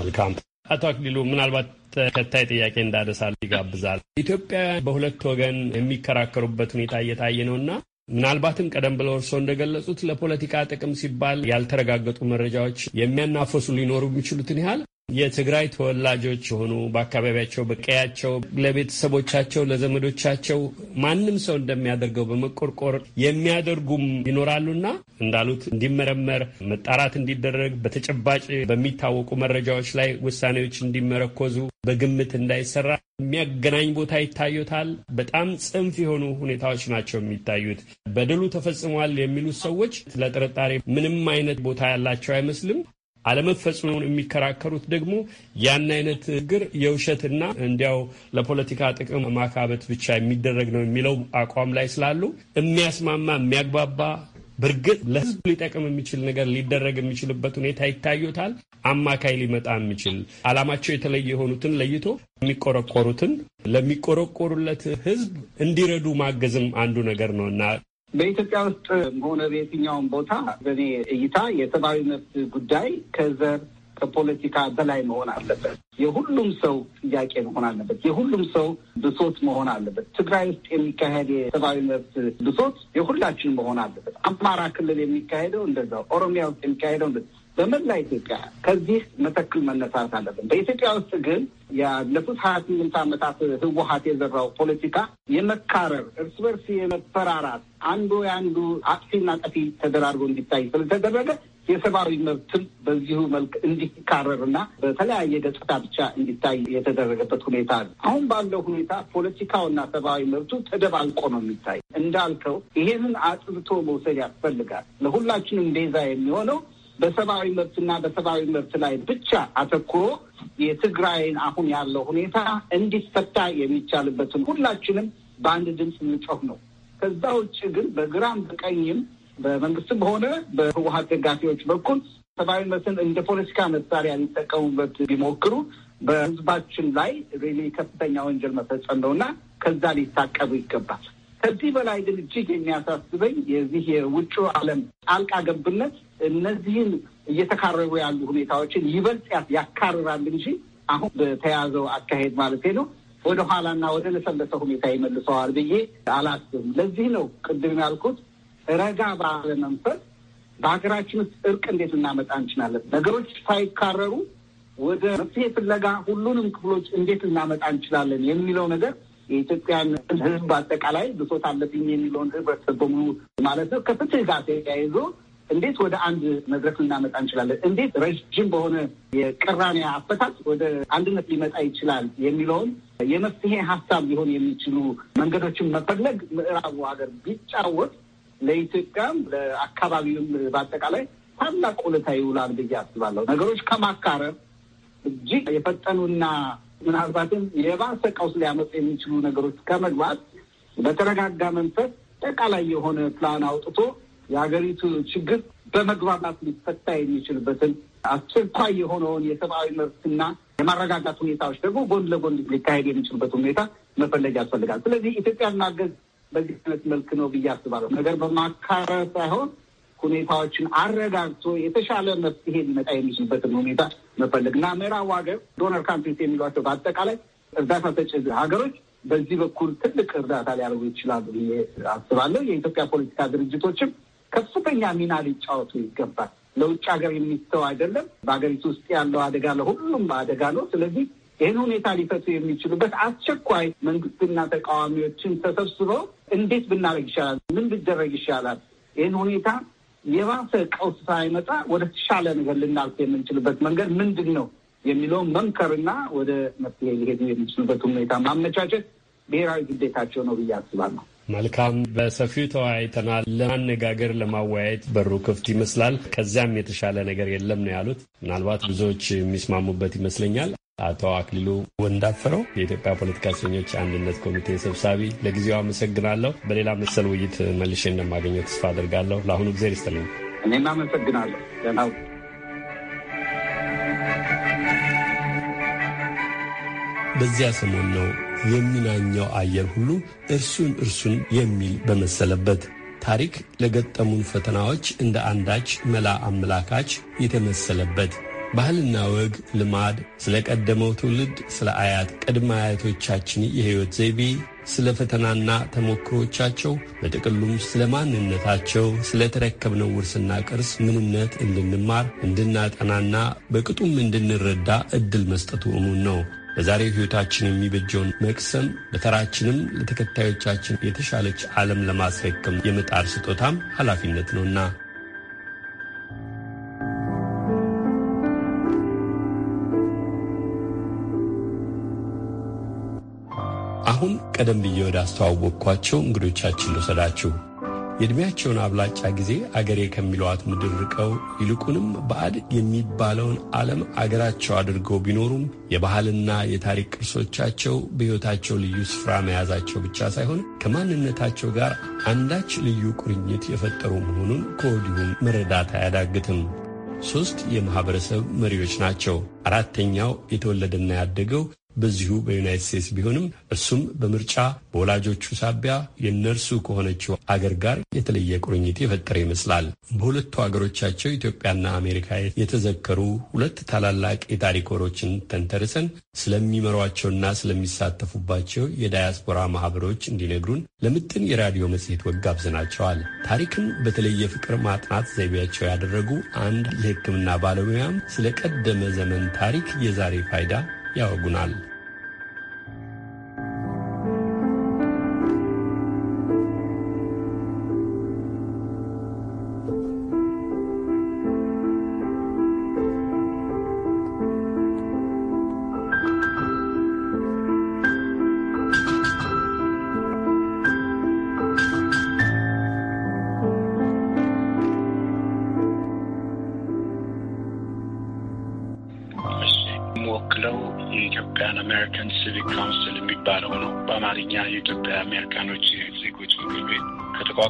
መልካም አቶ አክሊሉ ምናልባት ተከታይ ጥያቄ እንዳደሳል ይጋብዛል። ኢትዮጵያውያን በሁለት ወገን የሚከራከሩበት ሁኔታ እየታየ እና ምናልባትም ቀደም ብለው እርስዎ እንደገለጹት ለፖለቲካ ጥቅም ሲባል ያልተረጋገጡ መረጃዎች የሚያናፈሱ ሊኖሩ የሚችሉትን ያህል የትግራይ ተወላጆች የሆኑ በአካባቢያቸው በቀያቸው ለቤተሰቦቻቸው ለዘመዶቻቸው ማንም ሰው እንደሚያደርገው በመቆርቆር የሚያደርጉም ይኖራሉና እንዳሉት እንዲመረመር መጣራት እንዲደረግ በተጨባጭ በሚታወቁ መረጃዎች ላይ ውሳኔዎች እንዲመረኮዙ በግምት እንዳይሰራ የሚያገናኝ ቦታ ይታዩታል። በጣም ጽንፍ የሆኑ ሁኔታዎች ናቸው የሚታዩት። በደሉ ተፈጽሟል የሚሉት ሰዎች ለጥርጣሬ ምንም አይነት ቦታ ያላቸው አይመስልም። አለመፈጸሙን የሚከራከሩት ደግሞ ያን አይነት ችግር የውሸትና እንዲያው ለፖለቲካ ጥቅም ማካበት ብቻ የሚደረግ ነው የሚለው አቋም ላይ ስላሉ የሚያስማማ የሚያግባባ በእርግጥ ለሕዝብ ሊጠቅም የሚችል ነገር ሊደረግ የሚችልበት ሁኔታ ይታዩታል። አማካይ ሊመጣ የሚችል አላማቸው የተለየ የሆኑትን ለይቶ የሚቆረቆሩትን ለሚቆረቆሩለት ሕዝብ እንዲረዱ ማገዝም አንዱ ነገር ነው እና በኢትዮጵያ ውስጥ ሆነ በየትኛውም ቦታ በእኔ እይታ የሰብአዊ መብት ጉዳይ ከዘር ከፖለቲካ በላይ መሆን አለበት። የሁሉም ሰው ጥያቄ መሆን አለበት። የሁሉም ሰው ብሶት መሆን አለበት። ትግራይ ውስጥ የሚካሄድ የሰብአዊ መብት ብሶት የሁላችን መሆን አለበት። አማራ ክልል የሚካሄደው እንደዛው፣ ኦሮሚያ ውስጥ የሚካሄደው እንደዛው በመላ ኢትዮጵያ ከዚህ መተክል መነሳት አለብን። በኢትዮጵያ ውስጥ ግን ያለፉት ሀያ ስምንት ዓመታት ህወሀት የዘራው ፖለቲካ የመካረር እርስ በርስ የመፈራራት አንዱ የአንዱ አጥፊና ጠፊ ተደራርጎ እንዲታይ ስለተደረገ የሰብአዊ መብትም በዚሁ መልክ እንዲካረር እና በተለያየ ገጽታ ብቻ እንዲታይ የተደረገበት ሁኔታ አለ። አሁን ባለው ሁኔታ ፖለቲካውና ሰብአዊ መብቱ ተደባልቆ ነው የሚታይ። እንዳልከው ይሄንን አጥብቶ መውሰድ ያስፈልጋል። ለሁላችንም ቤዛ የሚሆነው በሰብአዊ መብትና በሰብአዊ መብት ላይ ብቻ አተኩሮ የትግራይን አሁን ያለው ሁኔታ እንዲፈታ የሚቻልበትን ሁላችንም በአንድ ድምፅ ምንጮህ ነው። ከዛ ውጭ ግን በግራም በቀኝም በመንግስትም ሆነ በህወሀት ደጋፊዎች በኩል ሰብአዊ መብትን እንደ ፖለቲካ መሳሪያ ሊጠቀሙበት ቢሞክሩ በህዝባችን ላይ ከፍተኛ ወንጀል መፈጸም ነው እና ከዛ ሊታቀቡ ይገባል። ከዚህ በላይ ግን እጅግ የሚያሳስበኝ የዚህ የውጭ ዓለም ጣልቃ ገብነት እነዚህን እየተካረሩ ያሉ ሁኔታዎችን ይበልጥ ያካርራል እንጂ አሁን በተያዘው አካሄድ ማለት ነው ወደ ኋላና ወደ ለሰለሰ ሁኔታ ይመልሰዋል ብዬ አላስብም። ለዚህ ነው ቅድም ያልኩት ረጋ ባለ መንፈስ በሀገራችን ውስጥ እርቅ እንዴት እናመጣ እንችላለን፣ ነገሮች ሳይካረሩ ወደ መፍትሄ ፍለጋ ሁሉንም ክፍሎች እንዴት እናመጣ እንችላለን የሚለው ነገር የኢትዮጵያን ሕዝብ አጠቃላይ ብሶት አለብኝ የሚለውን ህብረተሰብ በሙሉ ማለት ነው ከፍትህ ጋር ተያይዞ እንዴት ወደ አንድ መድረክ ልናመጣ እንችላለን? እንዴት ረጅም በሆነ የቅራኔ አፈታት ወደ አንድነት ሊመጣ ይችላል የሚለውን የመፍትሄ ሀሳብ ሊሆን የሚችሉ መንገዶችን መፈለግ ምዕራቡ ሀገር ቢጫወት ለኢትዮጵያም ለአካባቢውም በአጠቃላይ ታላቅ ውለታ ይውላል ብዬ አስባለሁ። ነገሮች ከማካረብ እጅግ የፈጠኑና ምናልባትም የባሰ ቀውስ ሊያመጡ የሚችሉ ነገሮች ከመግባት በተረጋጋ መንፈስ ጠቃላይ የሆነ ፕላን አውጥቶ የሀገሪቱ ችግር በመግባባት ሊፈታ የሚችልበትን አስቸኳይ የሆነውን የሰብአዊ መብትና የማረጋጋት ሁኔታዎች ደግሞ ጎን ለጎን ሊካሄድ የሚችልበት ሁኔታ መፈለግ ያስፈልጋል። ስለዚህ ኢትዮጵያን ማገዝ በዚህ አይነት መልክ ነው ብዬ አስባለሁ። ነገር በማካረ ሳይሆን ሁኔታዎችን አረጋግቶ የተሻለ መፍትሄ ሊመጣ የሚችልበትን ሁኔታ መፈለግ እና ምዕራቡ ሀገር ዶነር ካንትሪስ የሚሏቸው በአጠቃላይ እርዳታ ሰጭ ሀገሮች በዚህ በኩል ትልቅ እርዳታ ሊያደርጉ ይችላሉ ብዬ አስባለሁ። የኢትዮጵያ ፖለቲካ ድርጅቶችም ከፍተኛ ሚና ሊጫወቱ ይገባል። ለውጭ ሀገር የሚስተው አይደለም። በሀገሪቱ ውስጥ ያለው አደጋ ለሁሉም አደጋ ነው። ስለዚህ ይህን ሁኔታ ሊፈቱ የሚችሉበት አስቸኳይ መንግስትና ተቃዋሚዎችን ተሰብስበው እንዴት ብናደረግ ይሻላል፣ ምን ብደረግ ይሻላል፣ ይህን ሁኔታ የባሰ ቀውስ ሳይመጣ ወደ ተሻለ ነገር ልናልፍ የምንችልበት መንገድ ምንድን ነው የሚለውን መምከርና ወደ መፍትሄ ሊሄዱ የሚችሉበት ሁኔታ ማመቻቸት ብሔራዊ ግዴታቸው ነው ብዬ አስባለሁ። መልካም በሰፊው ተወያይተናል። ለማነጋገር ለማወያየት በሩ ክፍት ይመስላል። ከዚያም የተሻለ ነገር የለም ነው ያሉት። ምናልባት ብዙዎች የሚስማሙበት ይመስለኛል። አቶ አክሊሉ ወንዳፈረው የኢትዮጵያ ፖለቲካ እስረኞች አንድነት ኮሚቴ ሰብሳቢ፣ ለጊዜው አመሰግናለሁ። በሌላ መሰል ውይይት መልሼ እንደማገኘው ተስፋ አድርጋለሁ። ለአሁኑ ጊዜ ይስጥልኝ። እኔም አመሰግናለሁ። በዚያ ሰሞን ነው የሚናኘው አየር ሁሉ እርሱን እርሱን የሚል በመሰለበት ታሪክ ለገጠሙን ፈተናዎች እንደ አንዳች መላ አመላካች የተመሰለበት ባህልና ወግ፣ ልማድ፣ ስለ ቀደመው ትውልድ፣ ስለ አያት ቅድመ አያቶቻችን የሕይወት ዘይቤ፣ ስለ ፈተናና ተሞክሮቻቸው፣ በጥቅሉም ስለ ማንነታቸው፣ ስለ ተረከብነው ውርስና ቅርስ ምንነት እንድንማር እንድናጠናና በቅጡም እንድንረዳ ዕድል መስጠቱ እሙን ነው። በዛሬ ሕይወታችን የሚበጀውን መቅሰም በተራችንም ለተከታዮቻችን የተሻለች ዓለም ለማስረከም የመጣር ስጦታም ኃላፊነት ነውና አሁን ቀደም ብዬ ወደ አስተዋወቅኳቸው እንግዶቻችን ልውሰዳችሁ። የዕድሜያቸውን አብላጫ ጊዜ አገሬ ከሚለዋት ምድር ርቀው ይልቁንም ባዕድ የሚባለውን ዓለም አገራቸው አድርገው ቢኖሩም የባህልና የታሪክ ቅርሶቻቸው በሕይወታቸው ልዩ ስፍራ መያዛቸው ብቻ ሳይሆን ከማንነታቸው ጋር አንዳች ልዩ ቁርኝት የፈጠሩ መሆኑን ከወዲሁም መረዳት አያዳግትም። ሦስት የማኅበረሰብ መሪዎች ናቸው። አራተኛው የተወለደና ያደገው በዚሁ በዩናይት ስቴትስ ቢሆንም እሱም በምርጫ በወላጆቹ ሳቢያ የእነርሱ ከሆነችው አገር ጋር የተለየ ቁርኝት የፈጠረ ይመስላል። በሁለቱ አገሮቻቸው ኢትዮጵያና አሜሪካ የተዘከሩ ሁለት ታላላቅ የታሪክ ወሮችን ተንተርሰን ስለሚመሯቸውና ስለሚሳተፉባቸው የዳያስፖራ ማህበሮች እንዲነግሩን ለምጥን የራዲዮ መጽሔት ወግ አብዝናቸዋል። ታሪክን በተለየ ፍቅር ማጥናት ዘይቤያቸው ያደረጉ አንድ የሕክምና ባለሙያም ስለ ቀደመ ዘመን ታሪክ የዛሬ ፋይዳ ያወጉናል።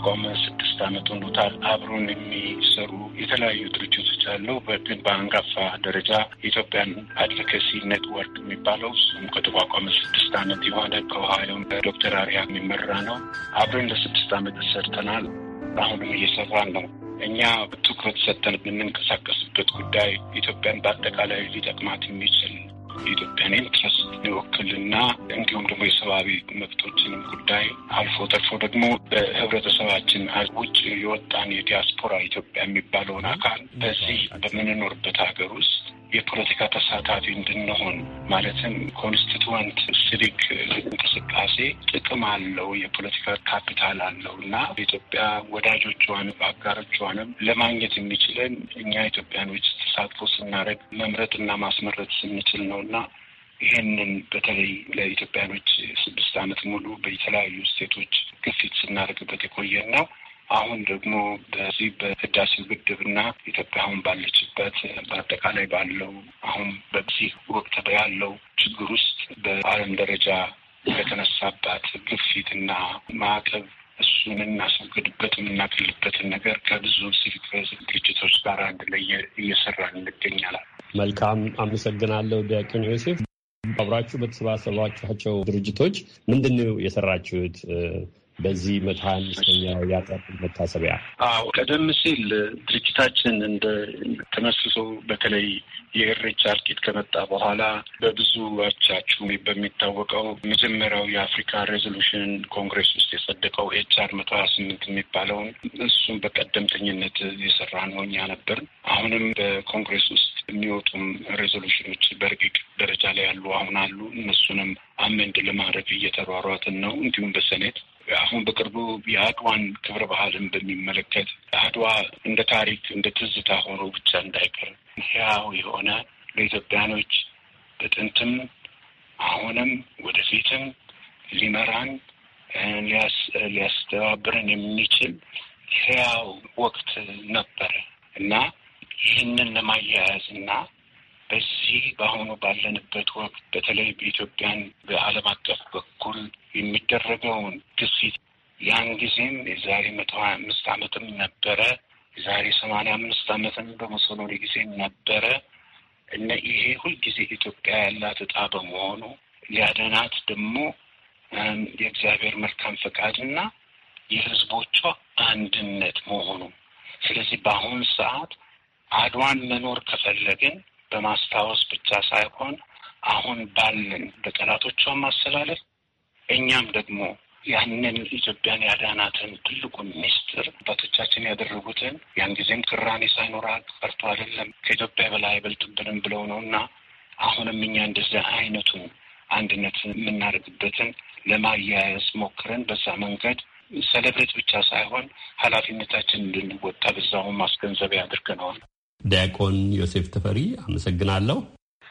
ከተቋቋመ ስድስት አመት ሆኖታል። አብሮን የሚሰሩ የተለያዩ ድርጅቶች አሉ። በግን በአንጋፋ ደረጃ የኢትዮጵያን አድቮኬሲ ኔትወርክ የሚባለው እሱም ከተቋቋመ ስድስት አመት የሆነ ከውሃዮም ዶክተር አሪያ የሚመራ ነው። አብረን ለስድስት አመት ሰርተናል። አሁንም እየሰራን ነው። እኛ ትኩረት ሰተን የምንንቀሳቀስበት ጉዳይ ኢትዮጵያን በአጠቃላይ ሊጠቅማት የሚችል የኢትዮጵያን ኢንትረስት የወክልና እንዲሁም ደግሞ የሰብአዊ መብቶችንም ጉዳይ አልፎ ተርፎ ደግሞ በህብረተሰባችን ውጭ የወጣን የዲያስፖራ ኢትዮጵያ የሚባለውን አካል በዚህ በምንኖርበት ሀገር ውስጥ የፖለቲካ ተሳታፊ እንድንሆን ማለትም ኮንስቲትዋንት ሲቪክ እንቅስቃሴ ጥቅም አለው፣ የፖለቲካ ካፒታል አለው እና በኢትዮጵያ ወዳጆቿንም አጋሮቿንም ለማግኘት የሚችለን እኛ ኢትዮጵያኖች ተሳትፎ ስናደርግ እና ማስመረጥ ስንችል ነው። እና ይሄንን በተለይ ለኢትዮጵያኖች ስድስት ዓመት ሙሉ በተለያዩ ስቴቶች ግፊት ስናደርግበት ነው አሁን ደግሞ በዚህ በህዳሴው ግድብና ኢትዮጵያ አሁን ባለችበት በአጠቃላይ ባለው አሁን በዚህ ወቅት ያለው ችግር ውስጥ በዓለም ደረጃ ለተነሳባት ግፊትና ማዕቀብ እሱን እናስወግድበት የምናገልበትን ነገር ከብዙ ሲቪክ ድርጅቶች ጋር አንድ ላይ እየሰራን እንገኛለን። መልካም አመሰግናለሁ። ዲያቆን ዮሴፍ አብራችሁ በተሰባሰባችኋቸው ድርጅቶች ምንድን ነው የሰራችሁት? በዚህ መቶ ሀያ አምስተኛው መታሰቢያ። አዎ ቀደም ሲል ድርጅታችን እንደ ተመስሶ በተለይ የኢሬቻ አርኪት ከመጣ በኋላ በብዙ አቻችሁ በሚታወቀው መጀመሪያው የአፍሪካ ሬዞሉሽን ኮንግሬስ ውስጥ የጸደቀው ኤችአር መቶ ሀያ ስምንት የሚባለውን እሱም በቀደምተኝነት የሰራነው እኛ ነበር። አሁንም በኮንግሬስ ውስጥ የሚወጡም ሬዞሉሽኖች በረቂቅ ደረጃ ላይ ያሉ አሁን አሉ። እነሱንም አመንድ ለማድረግ እየተሯሯትን ነው። እንዲሁም በሰኔት አሁን በቅርቡ የአድዋን ክብረ ባህልን በሚመለከት አድዋ እንደ ታሪክ እንደ ትዝታ ሆኖ ብቻ እንዳይቀር ህያው የሆነ ለኢትዮጵያኖች በጥንትም አሁንም ወደፊትም ሊመራን ሊያስተባብረን የሚችል ህያው ወቅት ነበረ እና ይህንን ለማያያዝ እና በዚህ በአሁኑ ባለንበት ወቅት በተለይ በኢትዮጵያን በዓለም አቀፍ በኩል የሚደረገውን ግፊት ያን ጊዜም የዛሬ መቶ ሀያ አምስት ዓመትም ነበረ የዛሬ ሰማንያ አምስት ዓመትም በሙሶሎኒ ጊዜም ነበረ እና ይሄ ሁልጊዜ ኢትዮጵያ ያላት እጣ በመሆኑ ሊያደናት ደግሞ የእግዚአብሔር መልካም ፈቃድና የህዝቦቿ አንድነት መሆኑ ስለዚህ በአሁን ሰዓት አድዋን መኖር ከፈለግን በማስታወስ ብቻ ሳይሆን አሁን ባለን በጠላቶቿ ማሰላለፍ እኛም ደግሞ ያንን ኢትዮጵያን ያዳናትን ትልቁን ሚስጥር አባቶቻችን ያደረጉትን ያን ጊዜም ቅራኔ ሳይኖራት ቀርቶ አይደለም ከኢትዮጵያ በላይ አይበልጥብንም ብለው ነው እና አሁንም እኛ እንደዚህ አይነቱን አንድነት የምናደርግበትን ለማያያዝ ሞክረን በዛ መንገድ ሰለብሬት ብቻ ሳይሆን ኃላፊነታችን እንድንወጣ በዛውን ማስገንዘቢያ አድርገነዋል። ዲያቆን ዮሴፍ ተፈሪ አመሰግናለሁ።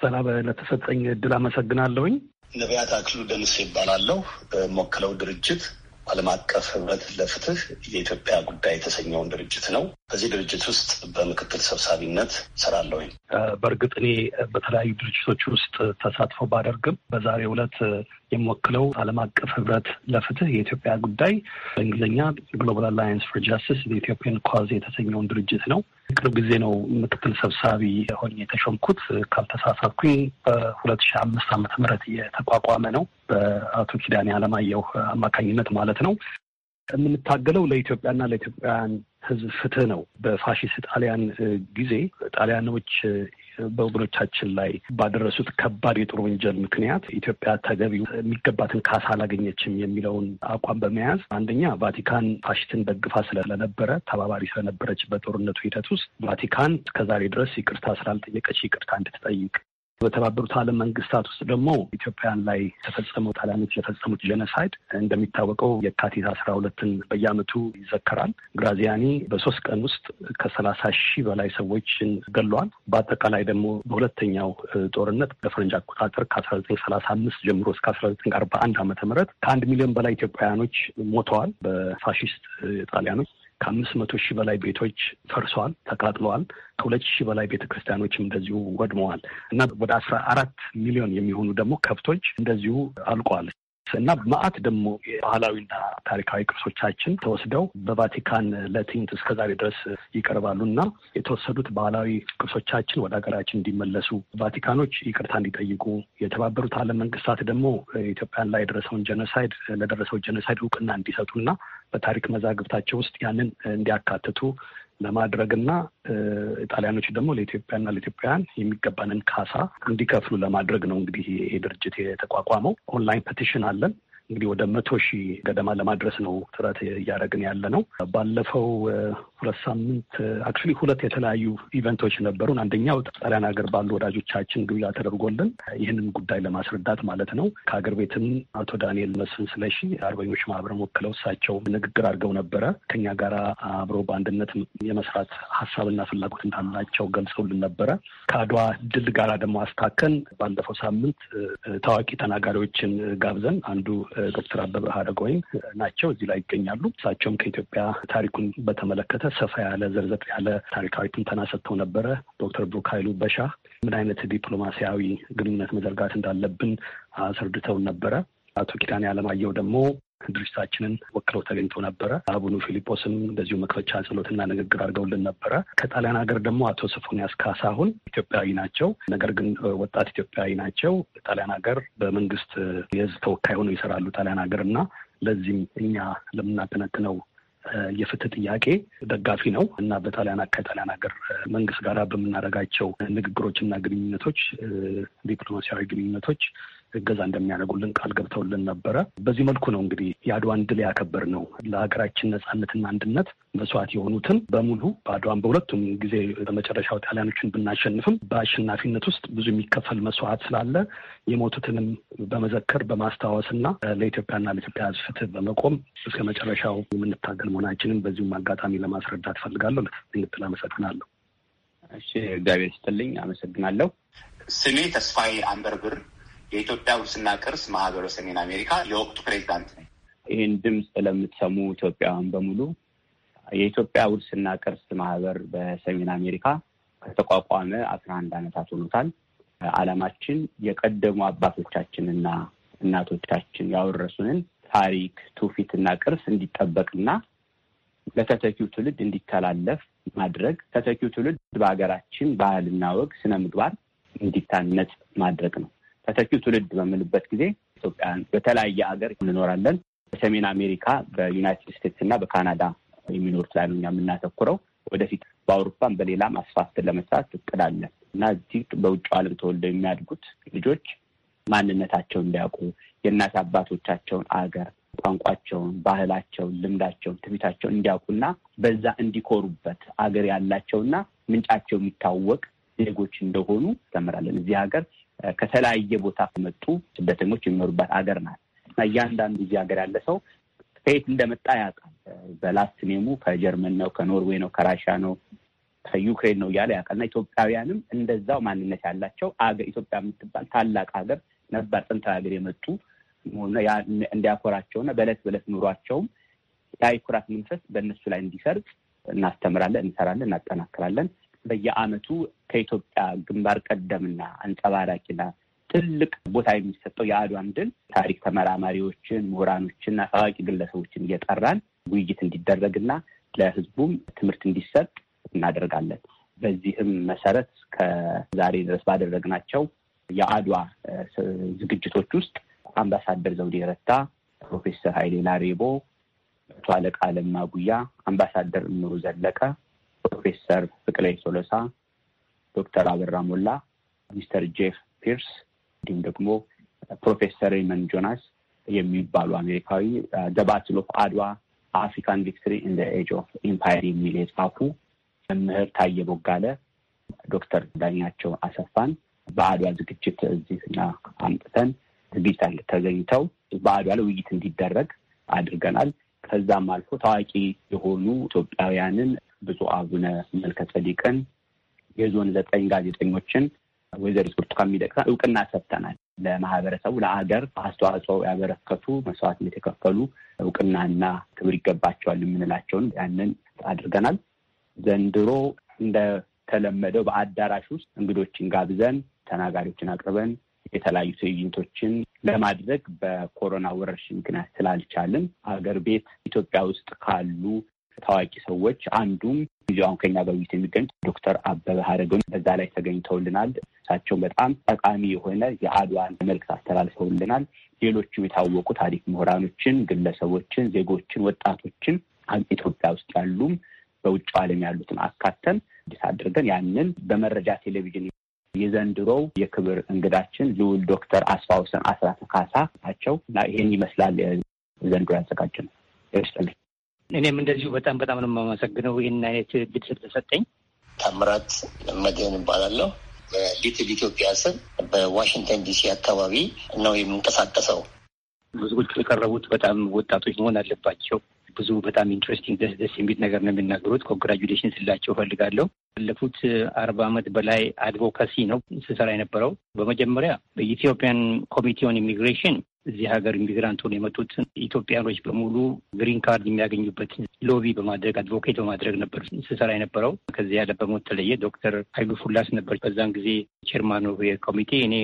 ሰላም ለተሰጠኝ እድል አመሰግናለሁኝ። ነቢያት አክሉ ደምስ ይባላለሁ። ሞክለው ድርጅት ዓለም አቀፍ ህብረት ለፍትህ የኢትዮጵያ ጉዳይ የተሰኘውን ድርጅት ነው። በዚህ ድርጅት ውስጥ በምክትል ሰብሳቢነት ሰራለሁኝ። በእርግጥ እኔ በተለያዩ ድርጅቶች ውስጥ ተሳትፎ ባደርግም በዛሬው ዕለት የምወክለው ዓለም አቀፍ ህብረት ለፍትህ የኢትዮጵያ ጉዳይ በእንግሊዝኛ ግሎባል አላያንስ ፎር ጃስቲስ የኢትዮጵያን ኳዝ የተሰኘውን ድርጅት ነው። ቅርብ ጊዜ ነው ምክትል ሰብሳቢ ሆኜ የተሾምኩት። ካልተሳሳትኩኝ በሁለት ሺህ አምስት ዓመተ ምህረት የተቋቋመ ነው በአቶ ኪዳኔ አለማየሁ አማካኝነት ማለት ነው። የምንታገለው ለኢትዮጵያና ለኢትዮጵያውያን ህዝብ ፍትህ ነው። በፋሽስት ጣሊያን ጊዜ ጣሊያኖች በወገኖቻችን ላይ ባደረሱት ከባድ የጦር ወንጀል ምክንያት ኢትዮጵያ ተገቢው የሚገባትን ካሳ አላገኘችም የሚለውን አቋም በመያዝ አንደኛ ቫቲካን ፋሽትን ደግፋ ስለነበረ ተባባሪ ስለነበረች በጦርነቱ ሂደት ውስጥ ቫቲካን እስከዛሬ ድረስ ይቅርታ ስላልጠየቀች ይቅርታ እንድትጠይቅ በተባበሩት ዓለም መንግስታት ውስጥ ደግሞ ኢትዮጵያን ላይ የተፈጸመው ጣሊያኖች የፈጸሙት ጄኖሳይድ እንደሚታወቀው የካቲት አስራ ሁለትን በየአመቱ ይዘከራል። ግራዚያኒ በሶስት ቀን ውስጥ ከሰላሳ ሺህ በላይ ሰዎችን ገሏል። በአጠቃላይ ደግሞ በሁለተኛው ጦርነት በፈረንጅ አቆጣጠር ከአስራ ዘጠኝ ሰላሳ አምስት ጀምሮ እስከ አስራ ዘጠኝ አርባ አንድ አመተ ምህረት ከአንድ ሚሊዮን በላይ ኢትዮጵያውያኖች ሞተዋል በፋሽስት ጣሊያኖች። ከአምስት መቶ ሺህ በላይ ቤቶች ፈርሰዋል፣ ተቃጥለዋል። ከሁለት ሺህ በላይ ቤተክርስቲያኖች እንደዚሁ ወድመዋል እና ወደ አስራ አራት ሚሊዮን የሚሆኑ ደግሞ ከብቶች እንደዚሁ አልቀዋል። እና ማአት ደግሞ የባህላዊና ታሪካዊ ቅርሶቻችን ተወስደው በቫቲካን ለትኝት እስከዛሬ ድረስ ይቀርባሉ እና የተወሰዱት ባህላዊ ቅርሶቻችን ወደ ሀገራችን እንዲመለሱ ቫቲካኖች ይቅርታ እንዲጠይቁ፣ የተባበሩት ዓለም መንግስታት ደግሞ ኢትዮጵያን ላይ የደረሰውን ጀኖሳይድ ለደረሰው ጀኖሳይድ እውቅና እንዲሰጡና በታሪክ መዛግብታቸው ውስጥ ያንን እንዲያካትቱ ለማድረግና ጣሊያኖች ደግሞ ለኢትዮጵያና ለኢትዮጵያውያን የሚገባንን ካሳ እንዲከፍሉ ለማድረግ ነው። እንግዲህ ይሄ ድርጅት የተቋቋመው ኦንላይን ፐቲሽን አለን። እንግዲህ ወደ መቶ ሺህ ገደማ ለማድረስ ነው ጥረት እያደረግን ያለ ነው። ባለፈው ሁለት ሳምንት አክቹዋሊ ሁለት የተለያዩ ኢቨንቶች ነበሩን። አንደኛው ጣሊያን ሀገር ባሉ ወዳጆቻችን ግብዣ ተደርጎልን ይህንን ጉዳይ ለማስረዳት ማለት ነው። ከሀገር ቤትም አቶ ዳንኤል መስፍን ስለሺ አርበኞች ማህበርን ወክለው እሳቸው ንግግር አድርገው ነበረ። ከኛ ጋር አብሮ በአንድነት የመስራት ሀሳብና ፍላጎት እንዳላቸው ገልጸውልን ነበረ። ከአድዋ ድል ጋራ ደግሞ አስታከን ባለፈው ሳምንት ታዋቂ ተናጋሪዎችን ጋብዘን አንዱ ዶክተር አበበ ሀረጎይን ናቸው። እዚህ ላይ ይገኛሉ። እሳቸውም ከኢትዮጵያ ታሪኩን በተመለከተ ሰፋ ያለ ዘርዘር ያለ ታሪካዊ ትንተና ሰጥተው ነበረ። ዶክተር ብሩክ ኃይሉ በሻ ምን አይነት ዲፕሎማሲያዊ ግንኙነት መዘርጋት እንዳለብን አስረድተውን ነበረ። አቶ ኪዳኔ አለማየሁ ደግሞ ድርጅታችንን ወክለው ተገኝቶ ነበረ። አቡኑ ፊሊጶስም እንደዚሁ መክፈቻ ጸሎትና ንግግር አድርገውልን ነበረ። ከጣሊያን ሀገር ደግሞ አቶ ሶፎንያስ ካሳሁን ኢትዮጵያዊ ናቸው፣ ነገር ግን ወጣት ኢትዮጵያዊ ናቸው። ጣሊያን ሀገር በመንግስት የህዝብ ተወካይ ሆነው ይሰራሉ ጣሊያን ሀገር እና ለዚህም እኛ ለምናጠነጥነው የፍትህ ጥያቄ ደጋፊ ነው እና በጣሊያን ከጣሊያን ሀገር መንግስት ጋር በምናደርጋቸው ንግግሮች እና ግንኙነቶች ዲፕሎማሲያዊ ግንኙነቶች እገዛ እንደሚያደርጉልን ቃል ገብተውልን ነበረ። በዚህ መልኩ ነው እንግዲህ የአድዋን ድል ያከበር ነው። ለሀገራችን ነጻነትና አንድነት መስዋዕት የሆኑትን በሙሉ በአድዋን በሁለቱም ጊዜ በመጨረሻው ጣሊያኖችን ብናሸንፍም በአሸናፊነት ውስጥ ብዙ የሚከፈል መስዋዕት ስላለ የሞቱትንም በመዘከር በማስታወስና ለኢትዮጵያና ለኢትዮጵያ ሕዝብ ፍትህ በመቆም እስከ መጨረሻው የምንታገል መሆናችንን በዚሁም አጋጣሚ ለማስረዳት ፈልጋለሁ። ልትል አመሰግናለሁ። እሺ፣ እግዚአብሔር ይስጥልኝ። አመሰግናለሁ። ስሜ ተስፋዬ አንበርብር የኢትዮጵያ ውስና ቅርስ ማህበረ ሰሜን አሜሪካ የወቅቱ ፕሬዚዳንት ነኝ። ይህን ድምፅ ለምትሰሙ ኢትዮጵያውያን በሙሉ የኢትዮጵያ ውርስና ቅርስ ማህበር በሰሜን አሜሪካ ከተቋቋመ አስራ አንድ ዓመታት ሆኖታል። ዓላማችን የቀደሙ አባቶቻችንና እናቶቻችን ያወረሱንን ታሪክ፣ ትውፊትና ቅርስ እንዲጠበቅና ለተተኪው ትውልድ እንዲተላለፍ ማድረግ ተተኪው ትውልድ በሀገራችን ባህልና ወግ፣ ስነ ምግባር እንዲታነጽ ማድረግ ነው። ተተኪው ትውልድ በምንበት ጊዜ ኢትዮጵያን በተለያየ ሀገር እንኖራለን። በሰሜን አሜሪካ፣ በዩናይትድ ስቴትስ እና በካናዳ የሚኖሩት ላይ ነው እኛ የምናተኩረው። ወደፊት በአውሮፓን በሌላም አስፋፍትን ለመስራት እቅዳለን እና እዚህ በውጭ ዓለም ተወልደው የሚያድጉት ልጆች ማንነታቸውን እንዲያውቁ የእናት አባቶቻቸውን አገር፣ ቋንቋቸውን፣ ባህላቸውን፣ ልምዳቸውን፣ ትቢታቸውን እንዲያውቁና በዛ እንዲኮሩበት አገር ያላቸውና ምንጫቸው የሚታወቅ ዜጎች እንደሆኑ ተምራለን። እዚህ ሀገር ከተለያየ ቦታ ከመጡ ስደተኞች የሚኖሩባት አገር ናት እና እያንዳንዱ እዚህ ሀገር ያለ ሰው ከየት እንደመጣ ያውቃል። በላስት ኔሙ ከጀርመን ነው፣ ከኖርዌይ ነው፣ ከራሻ ነው፣ ከዩክሬን ነው እያለ ያውቃል እና ኢትዮጵያውያንም እንደዛው ማንነት ያላቸው ኢትዮጵያ የምትባል ታላቅ ሀገር ነባር ጥንታዊ ሀገር የመጡ እንዲያኮራቸውና በዕለት በዕለት ኑሯቸውም የኩራት መንፈስ በእነሱ ላይ እንዲሰርጽ እናስተምራለን፣ እንሰራለን፣ እናጠናክራለን። በየአመቱ ከኢትዮጵያ ግንባር ቀደምና አንጸባራቂና ትልቅ ቦታ የሚሰጠው የአድዋን ድል ታሪክ ተመራማሪዎችን፣ ምሁራኖችንና ታዋቂ ግለሰቦችን እየጠራን ውይይት እንዲደረግና ለህዝቡም ትምህርት እንዲሰጥ እናደርጋለን። በዚህም መሰረት ከዛሬ ድረስ ባደረግናቸው የአድዋ ዝግጅቶች ውስጥ አምባሳደር ዘውዴ ረታ፣ ፕሮፌሰር ኃይሌ ላሬቦ፣ መቶ አለቃ አለም ማጉያ፣ አምባሳደር እምሩ ዘለቀ ፕሮፌሰር ፍቅሬ ሶለሳ፣ ዶክተር አበራ ሞላ፣ ሚስተር ጄፍ ፒርስ እንዲሁም ደግሞ ፕሮፌሰር ሬመን ጆናስ የሚባሉ አሜሪካዊ ዘባትል ኦፍ አድዋ አፍሪካን ቪክትሪ ኢን ኤጅ ኦፍ ኢምፓየር የሚል የጻፉ መምህር ታየ ቦጋለ፣ ዶክተር ዳኛቸው አሰፋን በአድዋ ዝግጅት እዚህ እና አምጥተን ዝግጅት ተገኝተው በአድዋ ላይ ውይይት እንዲደረግ አድርገናል። ከዛም አልፎ ታዋቂ የሆኑ ኢትዮጵያውያንን ብፁዕ አቡነ መልከ ጸዲቅን የዞን ዘጠኝ ጋዜጠኞችን ወይዘሪት ብርቱካን ሚደቅሳ እውቅና ሰጥተናል። ለማህበረሰቡ ለአገር አስተዋጽኦ ያበረከቱ መስዋዕት የከፈሉ እውቅናና ክብር ይገባቸዋል የምንላቸውን ያንን አድርገናል። ዘንድሮ እንደተለመደው በአዳራሽ ውስጥ እንግዶችን ጋብዘን ተናጋሪዎችን አቅርበን የተለያዩ ትዕይንቶችን ለማድረግ በኮሮና ወረርሽኝ ምክንያት ስላልቻልን አገር ቤት ኢትዮጵያ ውስጥ ካሉ ታዋቂ ሰዎች አንዱም እዚ አሁን ከኛ በውይይት የሚገኙት ዶክተር አበበ ሀረዶም በዛ ላይ ተገኝተውልናል። እሳቸው በጣም ጠቃሚ የሆነ የአድዋን መልዕክት አስተላልፈውልናል። ሌሎችም የታወቁ ታሪክ ምሁራኖችን፣ ግለሰቦችን፣ ዜጎችን፣ ወጣቶችን ኢትዮጵያ ውስጥ ያሉም በውጭ ዓለም ያሉትን አካተን እንዴት አድርገን ያንን በመረጃ ቴሌቪዥን የዘንድሮው የክብር እንግዳችን ልውል ዶክተር አስፋውሰን አስራተ ካሳ ናቸው እና ይህን ይመስላል ዘንድሮ ያዘጋጀ ነው። እኔም እንደዚሁ በጣም በጣም ነው የማመሰግነው ይህን አይነት እድል ስለተሰጠኝ። ታምራት መድህን እባላለሁ። በሊትል ኢትዮጵያ ስር በዋሽንግተን ዲሲ አካባቢ ነው የምንቀሳቀሰው። ብዙዎች የቀረቡት በጣም ወጣቶች መሆን አለባቸው። ብዙ በጣም ኢንትረስቲንግ ደስ ደስ የሚል ነገር ነው የሚናገሩት። ኮንግራጁሌሽን ስላቸው ፈልጋለሁ። ባለፉት አርባ ዓመት በላይ አድቮካሲ ነው ስሰራ የነበረው። በመጀመሪያ በኢትዮጵያን ኮሚቴ ኦን ኢሚግሬሽን እዚህ ሀገር ኢሚግራንት ሆነ የመጡትን ኢትዮጵያኖች በሙሉ ግሪን ካርድ የሚያገኙበት ሎቢ በማድረግ አድቮኬት በማድረግ ነበር ስሰራ የነበረው። ከዚህ ያለ በሞት ተለየ። ዶክተር ሀይሉ ፉላስ ነበር በዛን ጊዜ ቼርማን ኮሚቴ። እኔ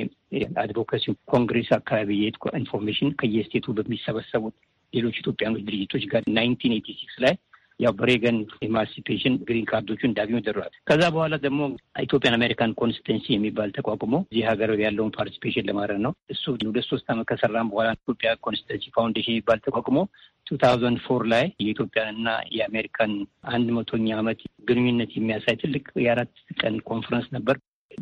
አድቮኬሲ ኮንግሬስ አካባቢ የሄድኩ ኢንፎርሜሽን ከየስቴቱ በሚሰበሰቡት ሌሎች ኢትዮጵያኖች ድርጅቶች ጋር ናይንቲን ኤቲ ሲክስ ላይ ያው በሬገን ኢማንሲፔሽን ግሪን ካርዶቹ እንዳገኙ ደረዋል። ከዛ በኋላ ደግሞ ኢትዮጵያን አሜሪካን ኮንስቲተንሲ የሚባል ተቋቁሞ እዚህ ሀገር ያለውን ፓርቲሲፔሽን ለማድረግ ነው። እሱ ሁለት ሶስት ዓመት ከሰራም በኋላ ኢትዮጵያ ኮንስቲተንሲ ፋውንዴሽን የሚባል ተቋቁሞ ቱ ታውዘንድ ፎር ላይ የኢትዮጵያንና የአሜሪካን አንድ መቶኛ ዓመት ግንኙነት የሚያሳይ ትልቅ የአራት ቀን ኮንፈረንስ ነበር።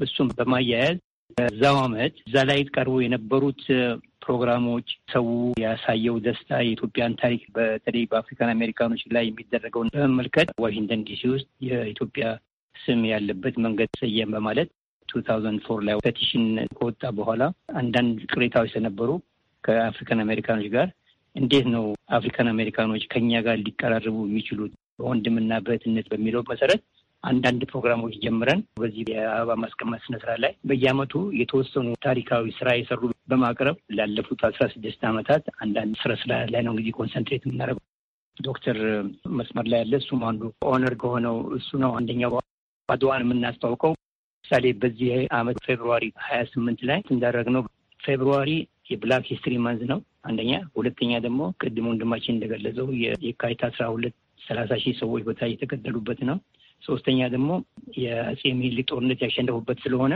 እሱም በማያያዝ በዛው አመት እዛ ላይ ቀርቦ የነበሩት ፕሮግራሞች ሰው ያሳየው ደስታ የኢትዮጵያን ታሪክ በተለይ በአፍሪካን አሜሪካኖች ላይ የሚደረገውን በመመልከት ዋሽንግተን ዲሲ ውስጥ የኢትዮጵያ ስም ያለበት መንገድ ሰየም በማለት ቱ ታውዘንድ ፎር ላይ ፔቲሽን ከወጣ በኋላ አንዳንድ ቅሬታዎች ስለነበሩ ከአፍሪካን አሜሪካኖች ጋር እንዴት ነው አፍሪካን አሜሪካኖች ከኛ ጋር ሊቀራረቡ የሚችሉት በወንድምና በእህትነት በሚለው መሰረት አንዳንድ ፕሮግራሞች ጀምረን በዚህ የአበባ ማስቀመጥ ስነስራ ላይ በየአመቱ የተወሰኑ ታሪካዊ ስራ የሰሩ በማቅረብ ላለፉት አስራ ስድስት ዓመታት አንዳንድ ስራ ስራ ላይ ነው እንግዲህ ኮንሰንትሬት የምናደርገው። ዶክተር መስመር ላይ ያለ እሱም አንዱ ኦነር ከሆነው እሱ ነው አንደኛው አድዋን የምናስታውቀው ምሳሌ በዚህ ዓመት ፌብሩዋሪ ሀያ ስምንት ላይ እንዳደረግነው ፌብሩዋሪ የብላክ ሂስትሪ መንዝ ነው አንደኛ። ሁለተኛ ደግሞ ቅድም ወንድማችን እንደገለጸው የካቲት አስራ ሁለት ሰላሳ ሺህ ሰዎች በታች የተገደሉበት ነው። ሶስተኛ ደግሞ የአጼ ምኒልክ ጦርነት ያሸነፉበት ስለሆነ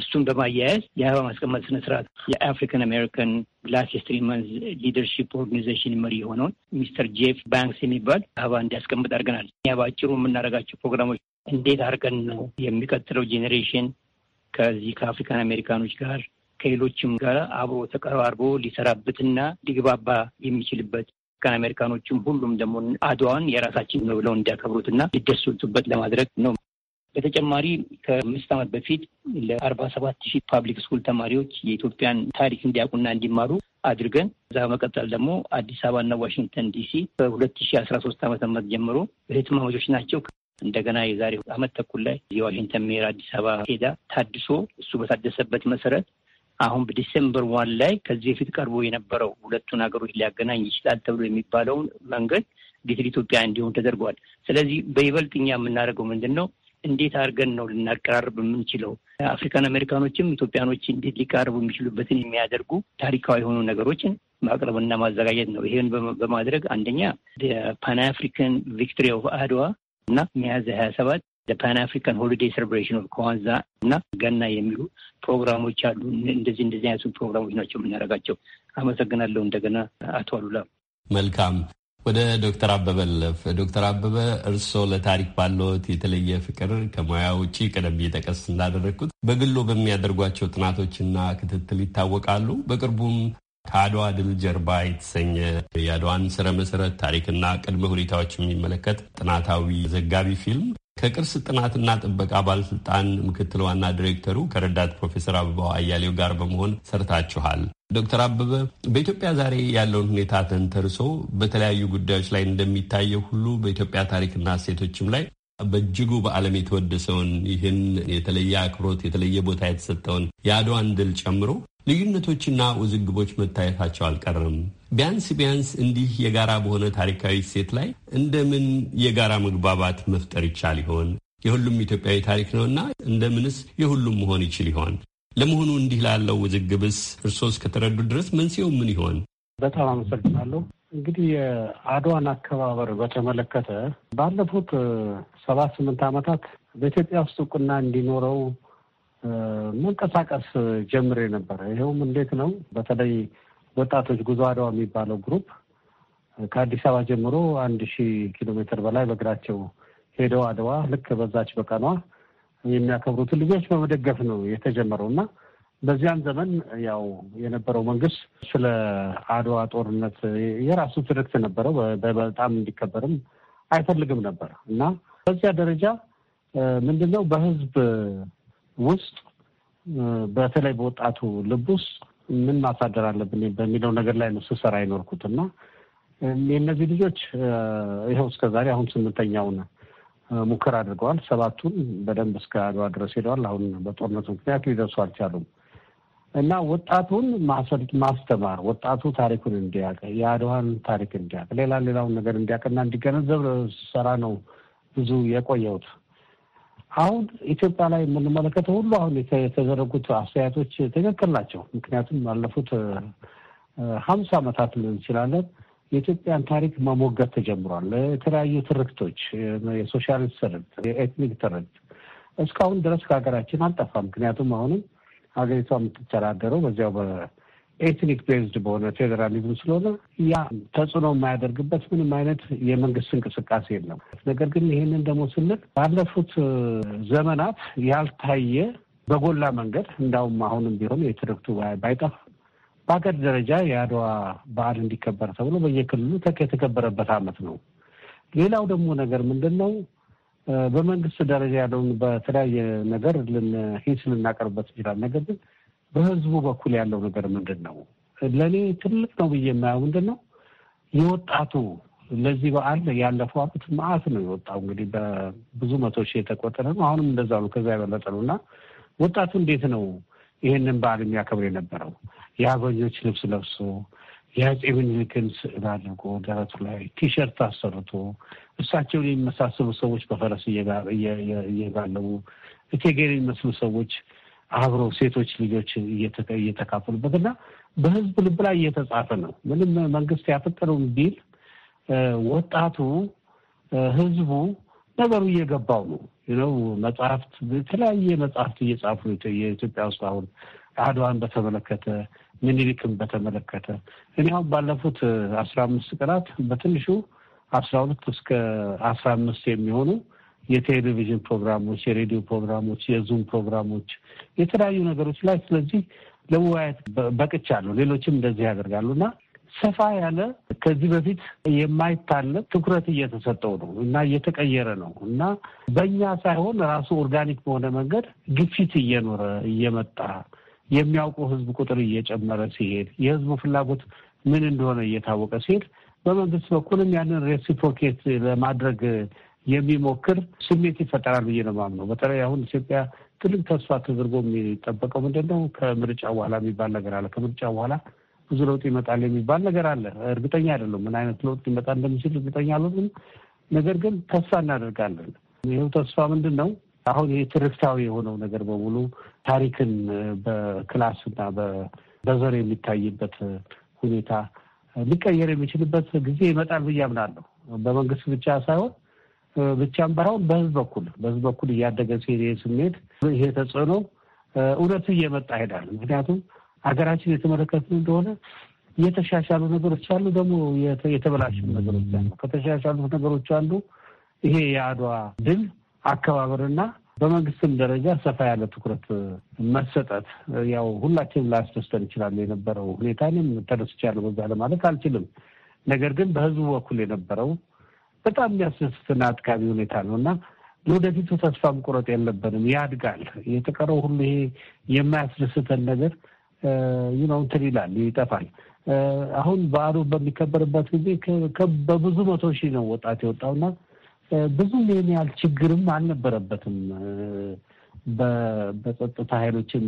እሱን በማያያዝ የአበባ ማስቀመጥ ስነስርዓት የአፍሪካን አሜሪካን ግላስ የስትሪመንዝ ሊደርሺፕ ኦርጋኒዜሽን መሪ የሆነውን ሚስተር ጄፍ ባንክስ የሚባል አበባ እንዲያስቀምጥ አድርገናል። እኛ በአጭሩ የምናደርጋቸው ፕሮግራሞች እንዴት አድርገን ነው የሚቀጥለው ጄኔሬሽን ከዚህ ከአፍሪካን አሜሪካኖች ጋር ከሌሎችም ጋር አብሮ ተቀራርቦ ሊሰራበትና ሊግባባ የሚችልበት አፍሪካን አሜሪካኖችም ሁሉም ደግሞ አድዋን የራሳችን ነው ብለው እንዲያከብሩትና ይደሰቱበት ለማድረግ ነው። በተጨማሪ ከአምስት ዓመት በፊት ለአርባ ሰባት ሺህ ፓብሊክ ስኩል ተማሪዎች የኢትዮጵያን ታሪክ እንዲያውቁና እንዲማሩ አድርገን እዛ በመቀጠል ደግሞ አዲስ አበባና ዋሽንግተን ዲሲ በሁለት ሺህ አስራ ሶስት ዓመተ ምህረት ጀምሮ እህትማማቾች ናቸው። እንደገና የዛሬ ዓመት ተኩል ላይ የዋሽንግተን ሜር አዲስ አበባ ሄዳ ታድሶ እሱ በታደሰበት መሰረት አሁን በዲሴምበር ዋን ላይ ከዚህ በፊት ቀርቦ የነበረው ሁለቱን ሀገሮች ሊያገናኝ ይችላል ተብሎ የሚባለውን መንገድ ዲትል ኢትዮጵያ እንዲሆን ተደርጓል። ስለዚህ በይበልጥ እኛ የምናደርገው ምንድን ነው? እንዴት አድርገን ነው ልናቀራርብ የምንችለው? አፍሪካን አሜሪካኖችም ኢትዮጵያኖች እንዴት ሊቀራርቡ የሚችሉበትን የሚያደርጉ ታሪካዊ የሆኑ ነገሮችን ማቅረብና ማዘጋጀት ነው። ይህን በማድረግ አንደኛ ፓን አፍሪካን ቪክቶሪ ኦፍ አድዋ እና ሚያዝያ ሀያ ሰባት ፓን አፍሪካን ሆሊዴይ ሴሌብሬሽን ኦፍ ከዋዛ እና ገና የሚሉ ፕሮግራሞች አሉ። እንደዚህ እንደዚህ አይነቱ ፕሮግራሞች ናቸው የምናደርጋቸው። አመሰግናለሁ። እንደገና አቶ አሉላ መልካም። ወደ ዶክተር አበበ ለፍ ዶክተር አበበ እርስዎ ለታሪክ ባለዎት የተለየ ፍቅር ከሙያ ውጭ ቀደም እየጠቀስ እንዳደረግኩት በግሎ በሚያደርጓቸው ጥናቶችና ክትትል ይታወቃሉ። በቅርቡም ከአድዋ ድል ጀርባ የተሰኘ የአድዋን ስረ መሰረት ታሪክና ቅድመ ሁኔታዎች የሚመለከት ጥናታዊ ዘጋቢ ፊልም ከቅርስ ጥናትና ጥበቃ ባለስልጣን ምክትል ዋና ዲሬክተሩ ከረዳት ፕሮፌሰር አበባው አያሌው ጋር በመሆን ሰርታችኋል። ዶክተር አበበ በኢትዮጵያ ዛሬ ያለውን ሁኔታ ተንተርሶ በተለያዩ ጉዳዮች ላይ እንደሚታየው ሁሉ በኢትዮጵያ ታሪክና እሴቶችም ላይ በእጅጉ በዓለም የተወደሰውን ይህን የተለየ አክብሮት የተለየ ቦታ የተሰጠውን የአድዋን ድል ጨምሮ ልዩነቶችና ውዝግቦች መታየታቸው አልቀረም። ቢያንስ ቢያንስ እንዲህ የጋራ በሆነ ታሪካዊ ሴት ላይ እንደምን የጋራ መግባባት መፍጠር ይቻል ይሆን? የሁሉም ኢትዮጵያዊ ታሪክ ነውና እንደምንስ የሁሉም መሆን ይችል ይሆን? ለመሆኑ እንዲህ ላለው ውዝግብስ እርስዎ እስከተረዱ ድረስ መንስኤው ምን ይሆን? በጣም አመሰግናለሁ። እንግዲህ የአድዋን አከባበር በተመለከተ ባለፉት ሰባት ስምንት ዓመታት በኢትዮጵያ ውስጥ እውቅና እንዲኖረው መንቀሳቀስ ጀምሬ ነበረ። ይኸውም እንዴት ነው፣ በተለይ ወጣቶች ጉዞ አድዋ የሚባለው ግሩፕ ከአዲስ አበባ ጀምሮ አንድ ሺህ ኪሎ ሜትር በላይ በእግራቸው ሄደው አድዋ ልክ በዛች በቀኗ የሚያከብሩትን ልጆች በመደገፍ ነው የተጀመረው እና በዚያም ዘመን ያው የነበረው መንግስት ስለ አድዋ ጦርነት የራሱ ትርክት ነበረው። በጣም እንዲከበርም አይፈልግም ነበር እና በዚያ ደረጃ ምንድን ነው በህዝብ ውስጥ በተለይ በወጣቱ ልብ ውስጥ ምን ማሳደር አለብን በሚለው ነገር ላይ ነው ስሰራ አይኖርኩት እና የእነዚህ ልጆች ይኸው እስከዛሬ አሁን ስምንተኛውን ሙከራ አድርገዋል። ሰባቱን በደንብ እስከ አድዋ ድረስ ሄደዋል። አሁን በጦርነቱ ምክንያት ሊደርሱ አልቻሉም እና ወጣቱን ማስተማር ወጣቱ ታሪኩን እንዲያውቅ የአድዋን ታሪክ እንዲያውቅ ሌላ ሌላውን ነገር እንዲያውቅና እንዲገነዘብ ሰራ ነው ብዙ የቆየሁት አሁን ኢትዮጵያ ላይ የምንመለከተው ሁሉ አሁን የተዘረጉት አስተያየቶች ትክክል ናቸው። ምክንያቱም ባለፉት ሀምሳ ዓመታት ልን እንችላለን የኢትዮጵያን ታሪክ መሞገት ተጀምሯል። የተለያዩ ትርክቶች፣ የሶሻሊስት ትርክት፣ የኤትኒክ ትርክት እስካሁን ድረስ ከሀገራችን አልጠፋ። ምክንያቱም አሁንም ሀገሪቷ የምትተዳደረው በዚያው ኤትኒክ ቤዝድ በሆነ ፌዴራሊዝም ስለሆነ ያ ተጽዕኖ የማያደርግበት ምንም አይነት የመንግስት እንቅስቃሴ የለም። ነገር ግን ይህንን ደግሞ ስንል ባለፉት ዘመናት ያልታየ በጎላ መንገድ እንዳውም አሁንም ቢሆን የትርክቱ ባይጠፋ በሀገር ደረጃ የአድዋ በዓል እንዲከበር ተብሎ በየክልሉ የተከበረበት አመት ነው። ሌላው ደግሞ ነገር ምንድን ነው? በመንግስት ደረጃ ያለውን በተለያየ ነገር ልን ሂስ ልናቀርብበት እንችላል። ነገር ግን በህዝቡ በኩል ያለው ነገር ምንድን ነው? ለእኔ ትልቅ ነው ብዬ የማየው ምንድን ነው የወጣቱ ለዚህ በዓል ያለፈው አመት መዓት ነው የወጣው። እንግዲህ በብዙ መቶ ሺህ የተቆጠረ ነው። አሁንም እንደዛ ነው፣ ከዛ የበለጠ ነው እና ወጣቱ እንዴት ነው ይህንን በዓል የሚያከብር የነበረው? የአበኞች ልብስ ለብሶ የአፄ ምኒልክን ስዕል አድርጎ ደረቱ ላይ ቲሸርት አሰርቶ እሳቸውን የሚመሳሰሉ ሰዎች በፈረስ እየጋለቡ እቴጌን የሚመስሉ ሰዎች አብረው ሴቶች ልጆች እየተካፈሉበት እና በህዝብ ልብ ላይ እየተጻፈ ነው። ምንም መንግስት ያፈጠረውን ቢል ወጣቱ ህዝቡ ነገሩ እየገባው ነው ነው መጽሐፍት የተለያየ መጽሐፍት እየጻፉ የኢትዮጵያ ውስጥ አሁን አድዋን በተመለከተ ምኒልክን በተመለከተ እኒያው ባለፉት አስራ አምስት ቀናት በትንሹ አስራ ሁለት እስከ አስራ አምስት የሚሆኑ የቴሌቪዥን ፕሮግራሞች፣ የሬዲዮ ፕሮግራሞች፣ የዙም ፕሮግራሞች፣ የተለያዩ ነገሮች ላይ ስለዚህ ለመወያየት በቅቻለሁ። ሌሎችም እንደዚህ ያደርጋሉ እና ሰፋ ያለ ከዚህ በፊት የማይታለቅ ትኩረት እየተሰጠው ነው እና እየተቀየረ ነው እና በእኛ ሳይሆን ራሱ ኦርጋኒክ በሆነ መንገድ ግፊት እየኖረ እየመጣ የሚያውቀው ህዝብ ቁጥር እየጨመረ ሲሄድ የህዝቡ ፍላጎት ምን እንደሆነ እየታወቀ ሲሄድ በመንግስት በኩልም ያንን ሬሲፕሮኬት ለማድረግ የሚሞክር ስሜት ይፈጠራል ብዬ ነው የማምነው። በተለይ አሁን ኢትዮጵያ ትልቅ ተስፋ ተደርጎ የሚጠበቀው ምንድን ነው? ከምርጫ በኋላ የሚባል ነገር አለ። ከምርጫ በኋላ ብዙ ለውጥ ይመጣል የሚባል ነገር አለ። እርግጠኛ አይደለም ምን አይነት ለውጥ ሊመጣ እንደሚችል እርግጠኛ አልሆንም። ነገር ግን ተስፋ እናደርጋለን። ይኸው ተስፋ ምንድን ነው? አሁን ይህ ትርክታዊ የሆነው ነገር በሙሉ ታሪክን በክላስና በዘር የሚታይበት ሁኔታ ሊቀየር የሚችልበት ጊዜ ይመጣል ብዬ አምናለሁ። በመንግስት ብቻ ሳይሆን ብቻም ባይሆን በህዝብ በኩል በህዝብ በኩል እያደገ ሲሄድ ስሜት ይሄ ተጽዕኖ እውነቱ እየመጣ ይሄዳል ምክንያቱም ሀገራችን የተመለከትን እንደሆነ የተሻሻሉ ነገሮች አሉ፣ ደግሞ የተበላሹ ነገሮች አሉ። ከተሻሻሉት ነገሮች አንዱ ይሄ የአድዋ ድል አከባበርና በመንግስትም ደረጃ ሰፋ ያለ ትኩረት መሰጠት ያው ሁላችንም ላያስደስተን ይችላል። የነበረው ሁኔታ እኔም ተደስቻለሁ በዛ ለማለት አልችልም። ነገር ግን በህዝቡ በኩል የነበረው በጣም የሚያስደስትና አጥቃቢ ሁኔታ ነው እና ለወደፊቱ ተስፋ መቁረጥ የለብንም። ያድጋል። የተቀረው ሁሉ ይሄ የማያስደስተን ነገር ይነው እንትን ይላል ይጠፋል። አሁን በዓሉ በሚከበርበት ጊዜ በብዙ መቶ ሺህ ነው ወጣት የወጣውና ብዙም ይህን ያህል ችግርም አልነበረበትም። በጸጥታ ኃይሎችም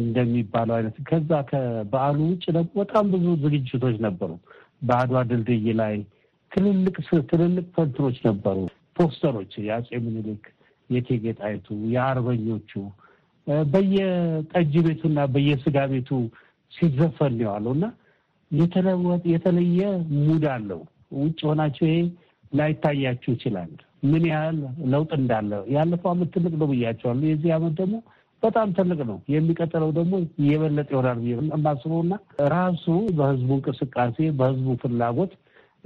እንደሚባለው አይነት ከዛ ከበዓሉ ውጭ ደግሞ በጣም ብዙ ዝግጅቶች ነበሩ። በአድዋ ድልድይ ላይ ትልልቅ ትልልቅ ፈንትኖች ነበሩ፣ ፖስተሮች የአፄ ምኒልክ፣ የእቴጌ ጣይቱ፣ የአርበኞቹ በየጠጅ ቤቱና በየስጋ ቤቱ ሲዘፈን ነው እና የተለየ ሙድ አለው። ውጭ ሆናቸው ይሄ ላይታያችሁ ይችላል። ምን ያህል ለውጥ እንዳለ ያለፈው አመት ትልቅ ነው ብያቸዋለሁ። የዚህ አመት ደግሞ በጣም ትልቅ ነው። የሚቀጥለው ደግሞ የበለጠ ይሆናል እና ራሱ በህዝቡ እንቅስቃሴ በህዝቡ ፍላጎት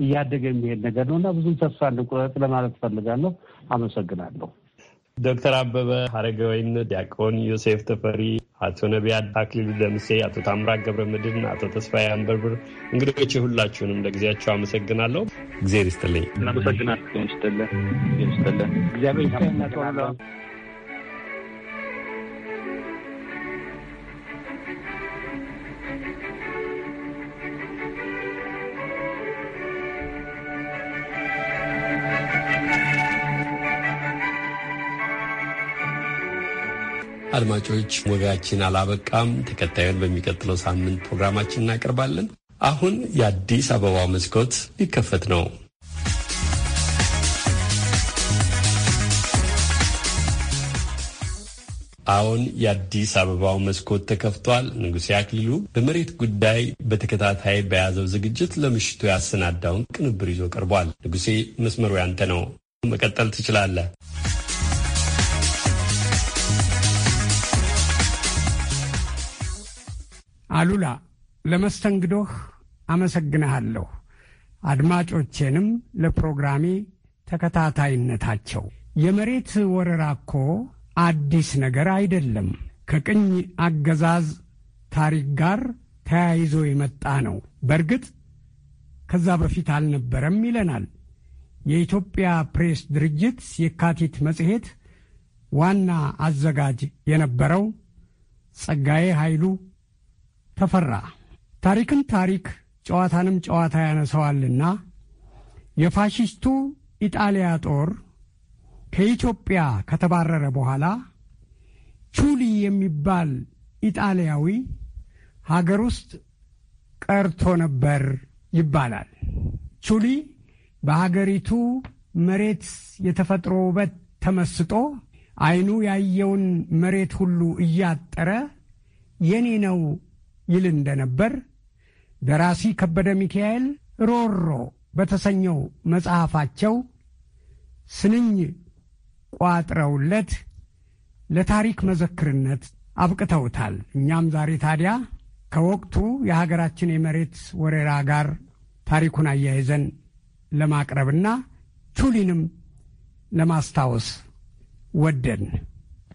እያደገ የሚሄድ ነገር ነው እና ብዙም ተስፋ እንቁረጥ ለማለት እፈልጋለሁ። አመሰግናለሁ። ዶክተር አበበ ሀረገ ወይን፣ ዲያቆን ዮሴፍ ተፈሪ፣ አቶ ነቢያት አክሊል ደምሴ፣ አቶ ታምራት ገብረ ምድን፣ አቶ ተስፋዬ አንበርብር እንግዶች ሁላችሁንም ለጊዜያቸው አመሰግናለሁ። እግዜር ይስጥልኝ። እናመሰግናለን። ይስጥልን ይስጥልን። እግዚአብሔር ይመስገን። አድማጮች ወጋችን አላበቃም። ተከታዩን በሚቀጥለው ሳምንት ፕሮግራማችን እናቀርባለን። አሁን የአዲስ አበባ መስኮት ሊከፈት ነው። አሁን የአዲስ አበባው መስኮት ተከፍቷል። ንጉሴ አክሊሉ በመሬት ጉዳይ በተከታታይ በያዘው ዝግጅት ለምሽቱ ያሰናዳውን ቅንብር ይዞ ቀርቧል። ንጉሴ መስመሩ ያንተ ነው፣ መቀጠል ትችላለህ። አሉላ፣ ለመስተንግዶህ አመሰግንሃለሁ። አድማጮቼንም ለፕሮግራሜ ተከታታይነታቸው። የመሬት ወረራ እኮ አዲስ ነገር አይደለም። ከቅኝ አገዛዝ ታሪክ ጋር ተያይዞ የመጣ ነው። በእርግጥ ከዛ በፊት አልነበረም ይለናል የኢትዮጵያ ፕሬስ ድርጅት የካቲት መጽሔት ዋና አዘጋጅ የነበረው ጸጋዬ ኃይሉ ተፈራ ታሪክን ታሪክ ጨዋታንም ጨዋታ ያነሰዋልና የፋሺስቱ ኢጣሊያ ጦር ከኢትዮጵያ ከተባረረ በኋላ ቹሊ የሚባል ኢጣሊያዊ ሀገር ውስጥ ቀርቶ ነበር ይባላል። ቹሊ በሀገሪቱ መሬት የተፈጥሮ ውበት ተመስጦ ዓይኑ ያየውን መሬት ሁሉ እያጠረ የኔ ነው ይል እንደነበር ደራሲ ከበደ ሚካኤል ሮሮ በተሰኘው መጽሐፋቸው ስንኝ ቋጥረውለት ለታሪክ መዘክርነት አብቅተውታል። እኛም ዛሬ ታዲያ ከወቅቱ የሀገራችን የመሬት ወረራ ጋር ታሪኩን አያይዘን ለማቅረብና ቹሊንም ለማስታወስ ወደን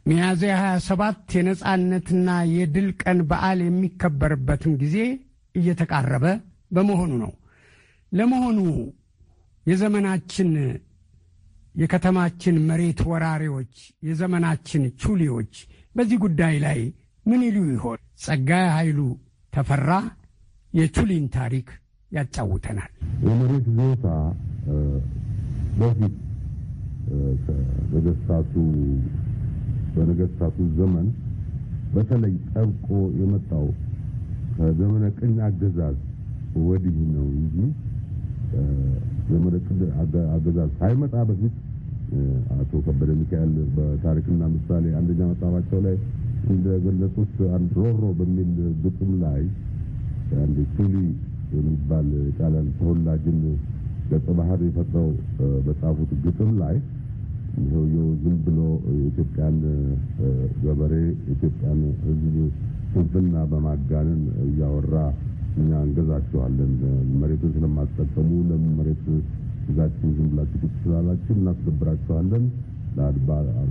ሚያዝያ 27 የነጻነትና የድል ቀን በዓል የሚከበርበትም ጊዜ እየተቃረበ በመሆኑ ነው። ለመሆኑ የዘመናችን የከተማችን መሬት ወራሪዎች፣ የዘመናችን ቹሊዎች በዚህ ጉዳይ ላይ ምን ይሉ ይሆን? ጸጋዬ ኃይሉ ተፈራ የቹሊን ታሪክ ያጫውተናል። የመሬት ይዞታ በፊት በደሳቱ በነገስታቱ ዘመን በተለይ ጠብቆ የመጣው ከዘመነ ቅኝ አገዛዝ ወዲህ ነው እንጂ ዘመነ ቅኝ አገዛዝ ሳይመጣ በፊት አቶ ከበደ ሚካኤል በታሪክና ምሳሌ አንደኛ መጽሐፋቸው ላይ እንደገለጹት አንድ ሮሮ በሚል ግጥም ላይ አንድ ቱሊ የሚባል ቃላል ተወላጅን ገጸ ባህር የፈጠው በጻፉት ግጥም ላይ ይኸው ዝም ብሎ የኢትዮጵያን ገበሬ የኢትዮጵያን ሕዝብ ስንፍና በማጋነን እያወራ እኛ እንገዛችኋለን፣ መሬቱን ስለማትጠቀሙ ለምን መሬት ይዛችሁ ዝም ብላችሁ ቁጭ ስላላችሁ እናስገብራችኋለን።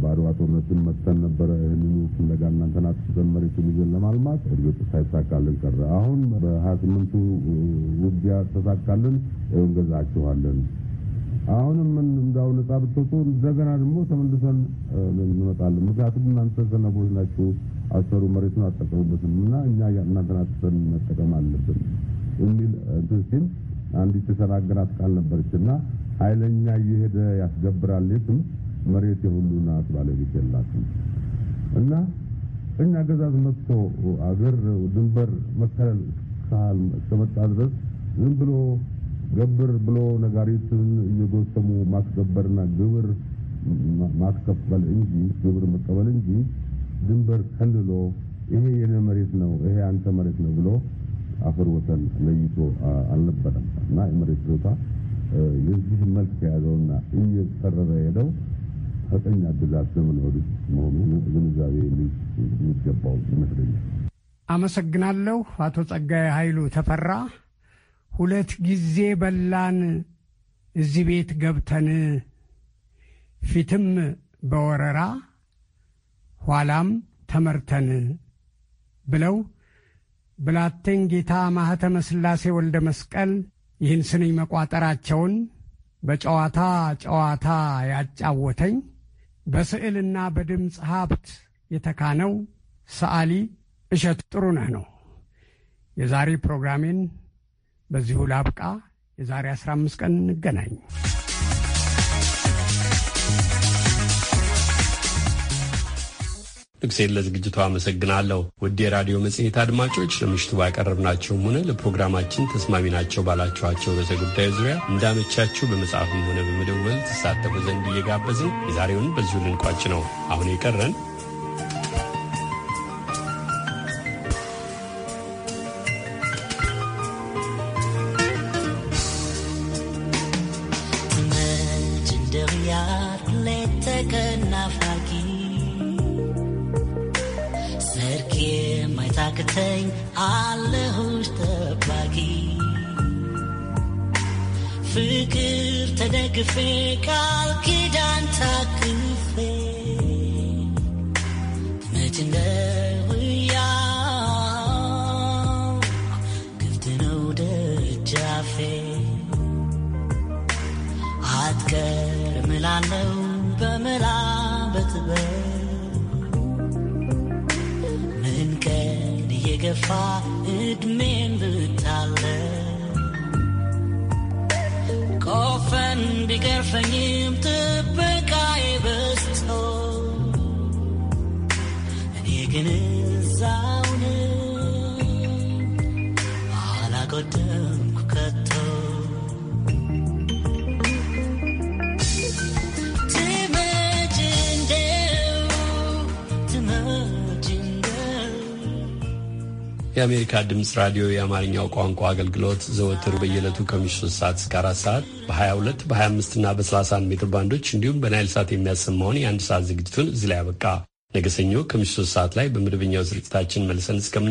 በአድዋ ጦርነትን መተን ነበረ። ይህንኑ ፍለጋ እናንተን አጥፍተን መሬቱን ይዘን ለማልማት እርግጥ ሳይሳካልን ቀረ። አሁን በሀያ ስምንቱ ውጊያ ተሳካልን፣ ይኸው እንገዛችኋለን አሁንም እንዳው ነጻ ብትወጡ እንደገና ደግሞ ተመልሰን እንመጣለን። ምክንያቱም እናንተ ዘናቦች ናችሁ፣ አሰሩ፣ መሬቱን አጠቀሙበትም እና እኛ እናንተን አጥተን መጠቀም አለብን የሚል እንትን ሲል አንዲት የተናገራት ቃል ነበረች እና ኃይለኛ እየሄደ ያስገብራል የትም መሬት የሁሉ ናት ባለቤት የላትም እና እኛ ገዛዝ መጥቶ አገር ድንበር መከለል እስከመጣ ድረስ ዝም ብሎ ገብር ብሎ ነጋሪቱን እየጎሰሙ ማስገበርና ግብር ማስከፈል እንጂ ግብር መቀበል እንጂ ድንበር ከልሎ ይሄ የኔ መሬት ነው፣ ይሄ አንተ መሬት ነው ብሎ አፈር ወሰን ለይቶ አልነበረም እና የመሬት ቦታ የዚህ መልክ የያዘውና እየሰረረ ሄደው ፈቀኛ ግዛት ዘመን ወዲህ ግንዛቤ የሚገባው ይመስለኛል። አመሰግናለሁ። አቶ ጸጋዬ ኃይሉ ተፈራ ሁለት ጊዜ በላን እዚህ ቤት ገብተን ፊትም በወረራ ኋላም ተመርተን ብለው ብላቴን ጌታ ማኅተመ ሥላሴ ወልደ መስቀል ይህን ስንኝ መቋጠራቸውን በጨዋታ ጨዋታ ያጫወተኝ በስዕልና በድምፅ ሀብት የተካነው ሰዓሊ እሸት ጥሩነህ ነው። የዛሬ ፕሮግራሜን በዚሁ ላብቃ። የዛሬ 15 ቀን እንገናኝ። ንጉሴን ለዝግጅቱ አመሰግናለሁ። ውድ የራዲዮ መጽሔት አድማጮች ለምሽቱ ባቀረብናቸውም ሆነ ለፕሮግራማችን ተስማሚ ናቸው ባላችኋቸው ርዕሰ ጉዳዮች ዙሪያ እንዳመቻችሁ በመጽሐፍም ሆነ በመደወል ትሳተፉ ዘንድ እየጋበዝን የዛሬውን በዚሁ ልንቋጭ ነው። አሁን የቀረን የአሜሪካ ድምፅ ራዲዮ የአማርኛው ቋንቋ አገልግሎት ዘወትር በየዕለቱ ከምሽቱ ሰዓት እስከ አራት ሰዓት በ22 በ25 እና በ31 ሜትር ባንዶች እንዲሁም በናይል ሳት የሚያሰማውን የአንድ ሰዓት ዝግጅቱን እዚህ ላይ ያበቃ። ነገ ሰኞ ከምሽቱ ሰዓት ላይ በመደበኛው ስርጭታችን መልሰን እስከምን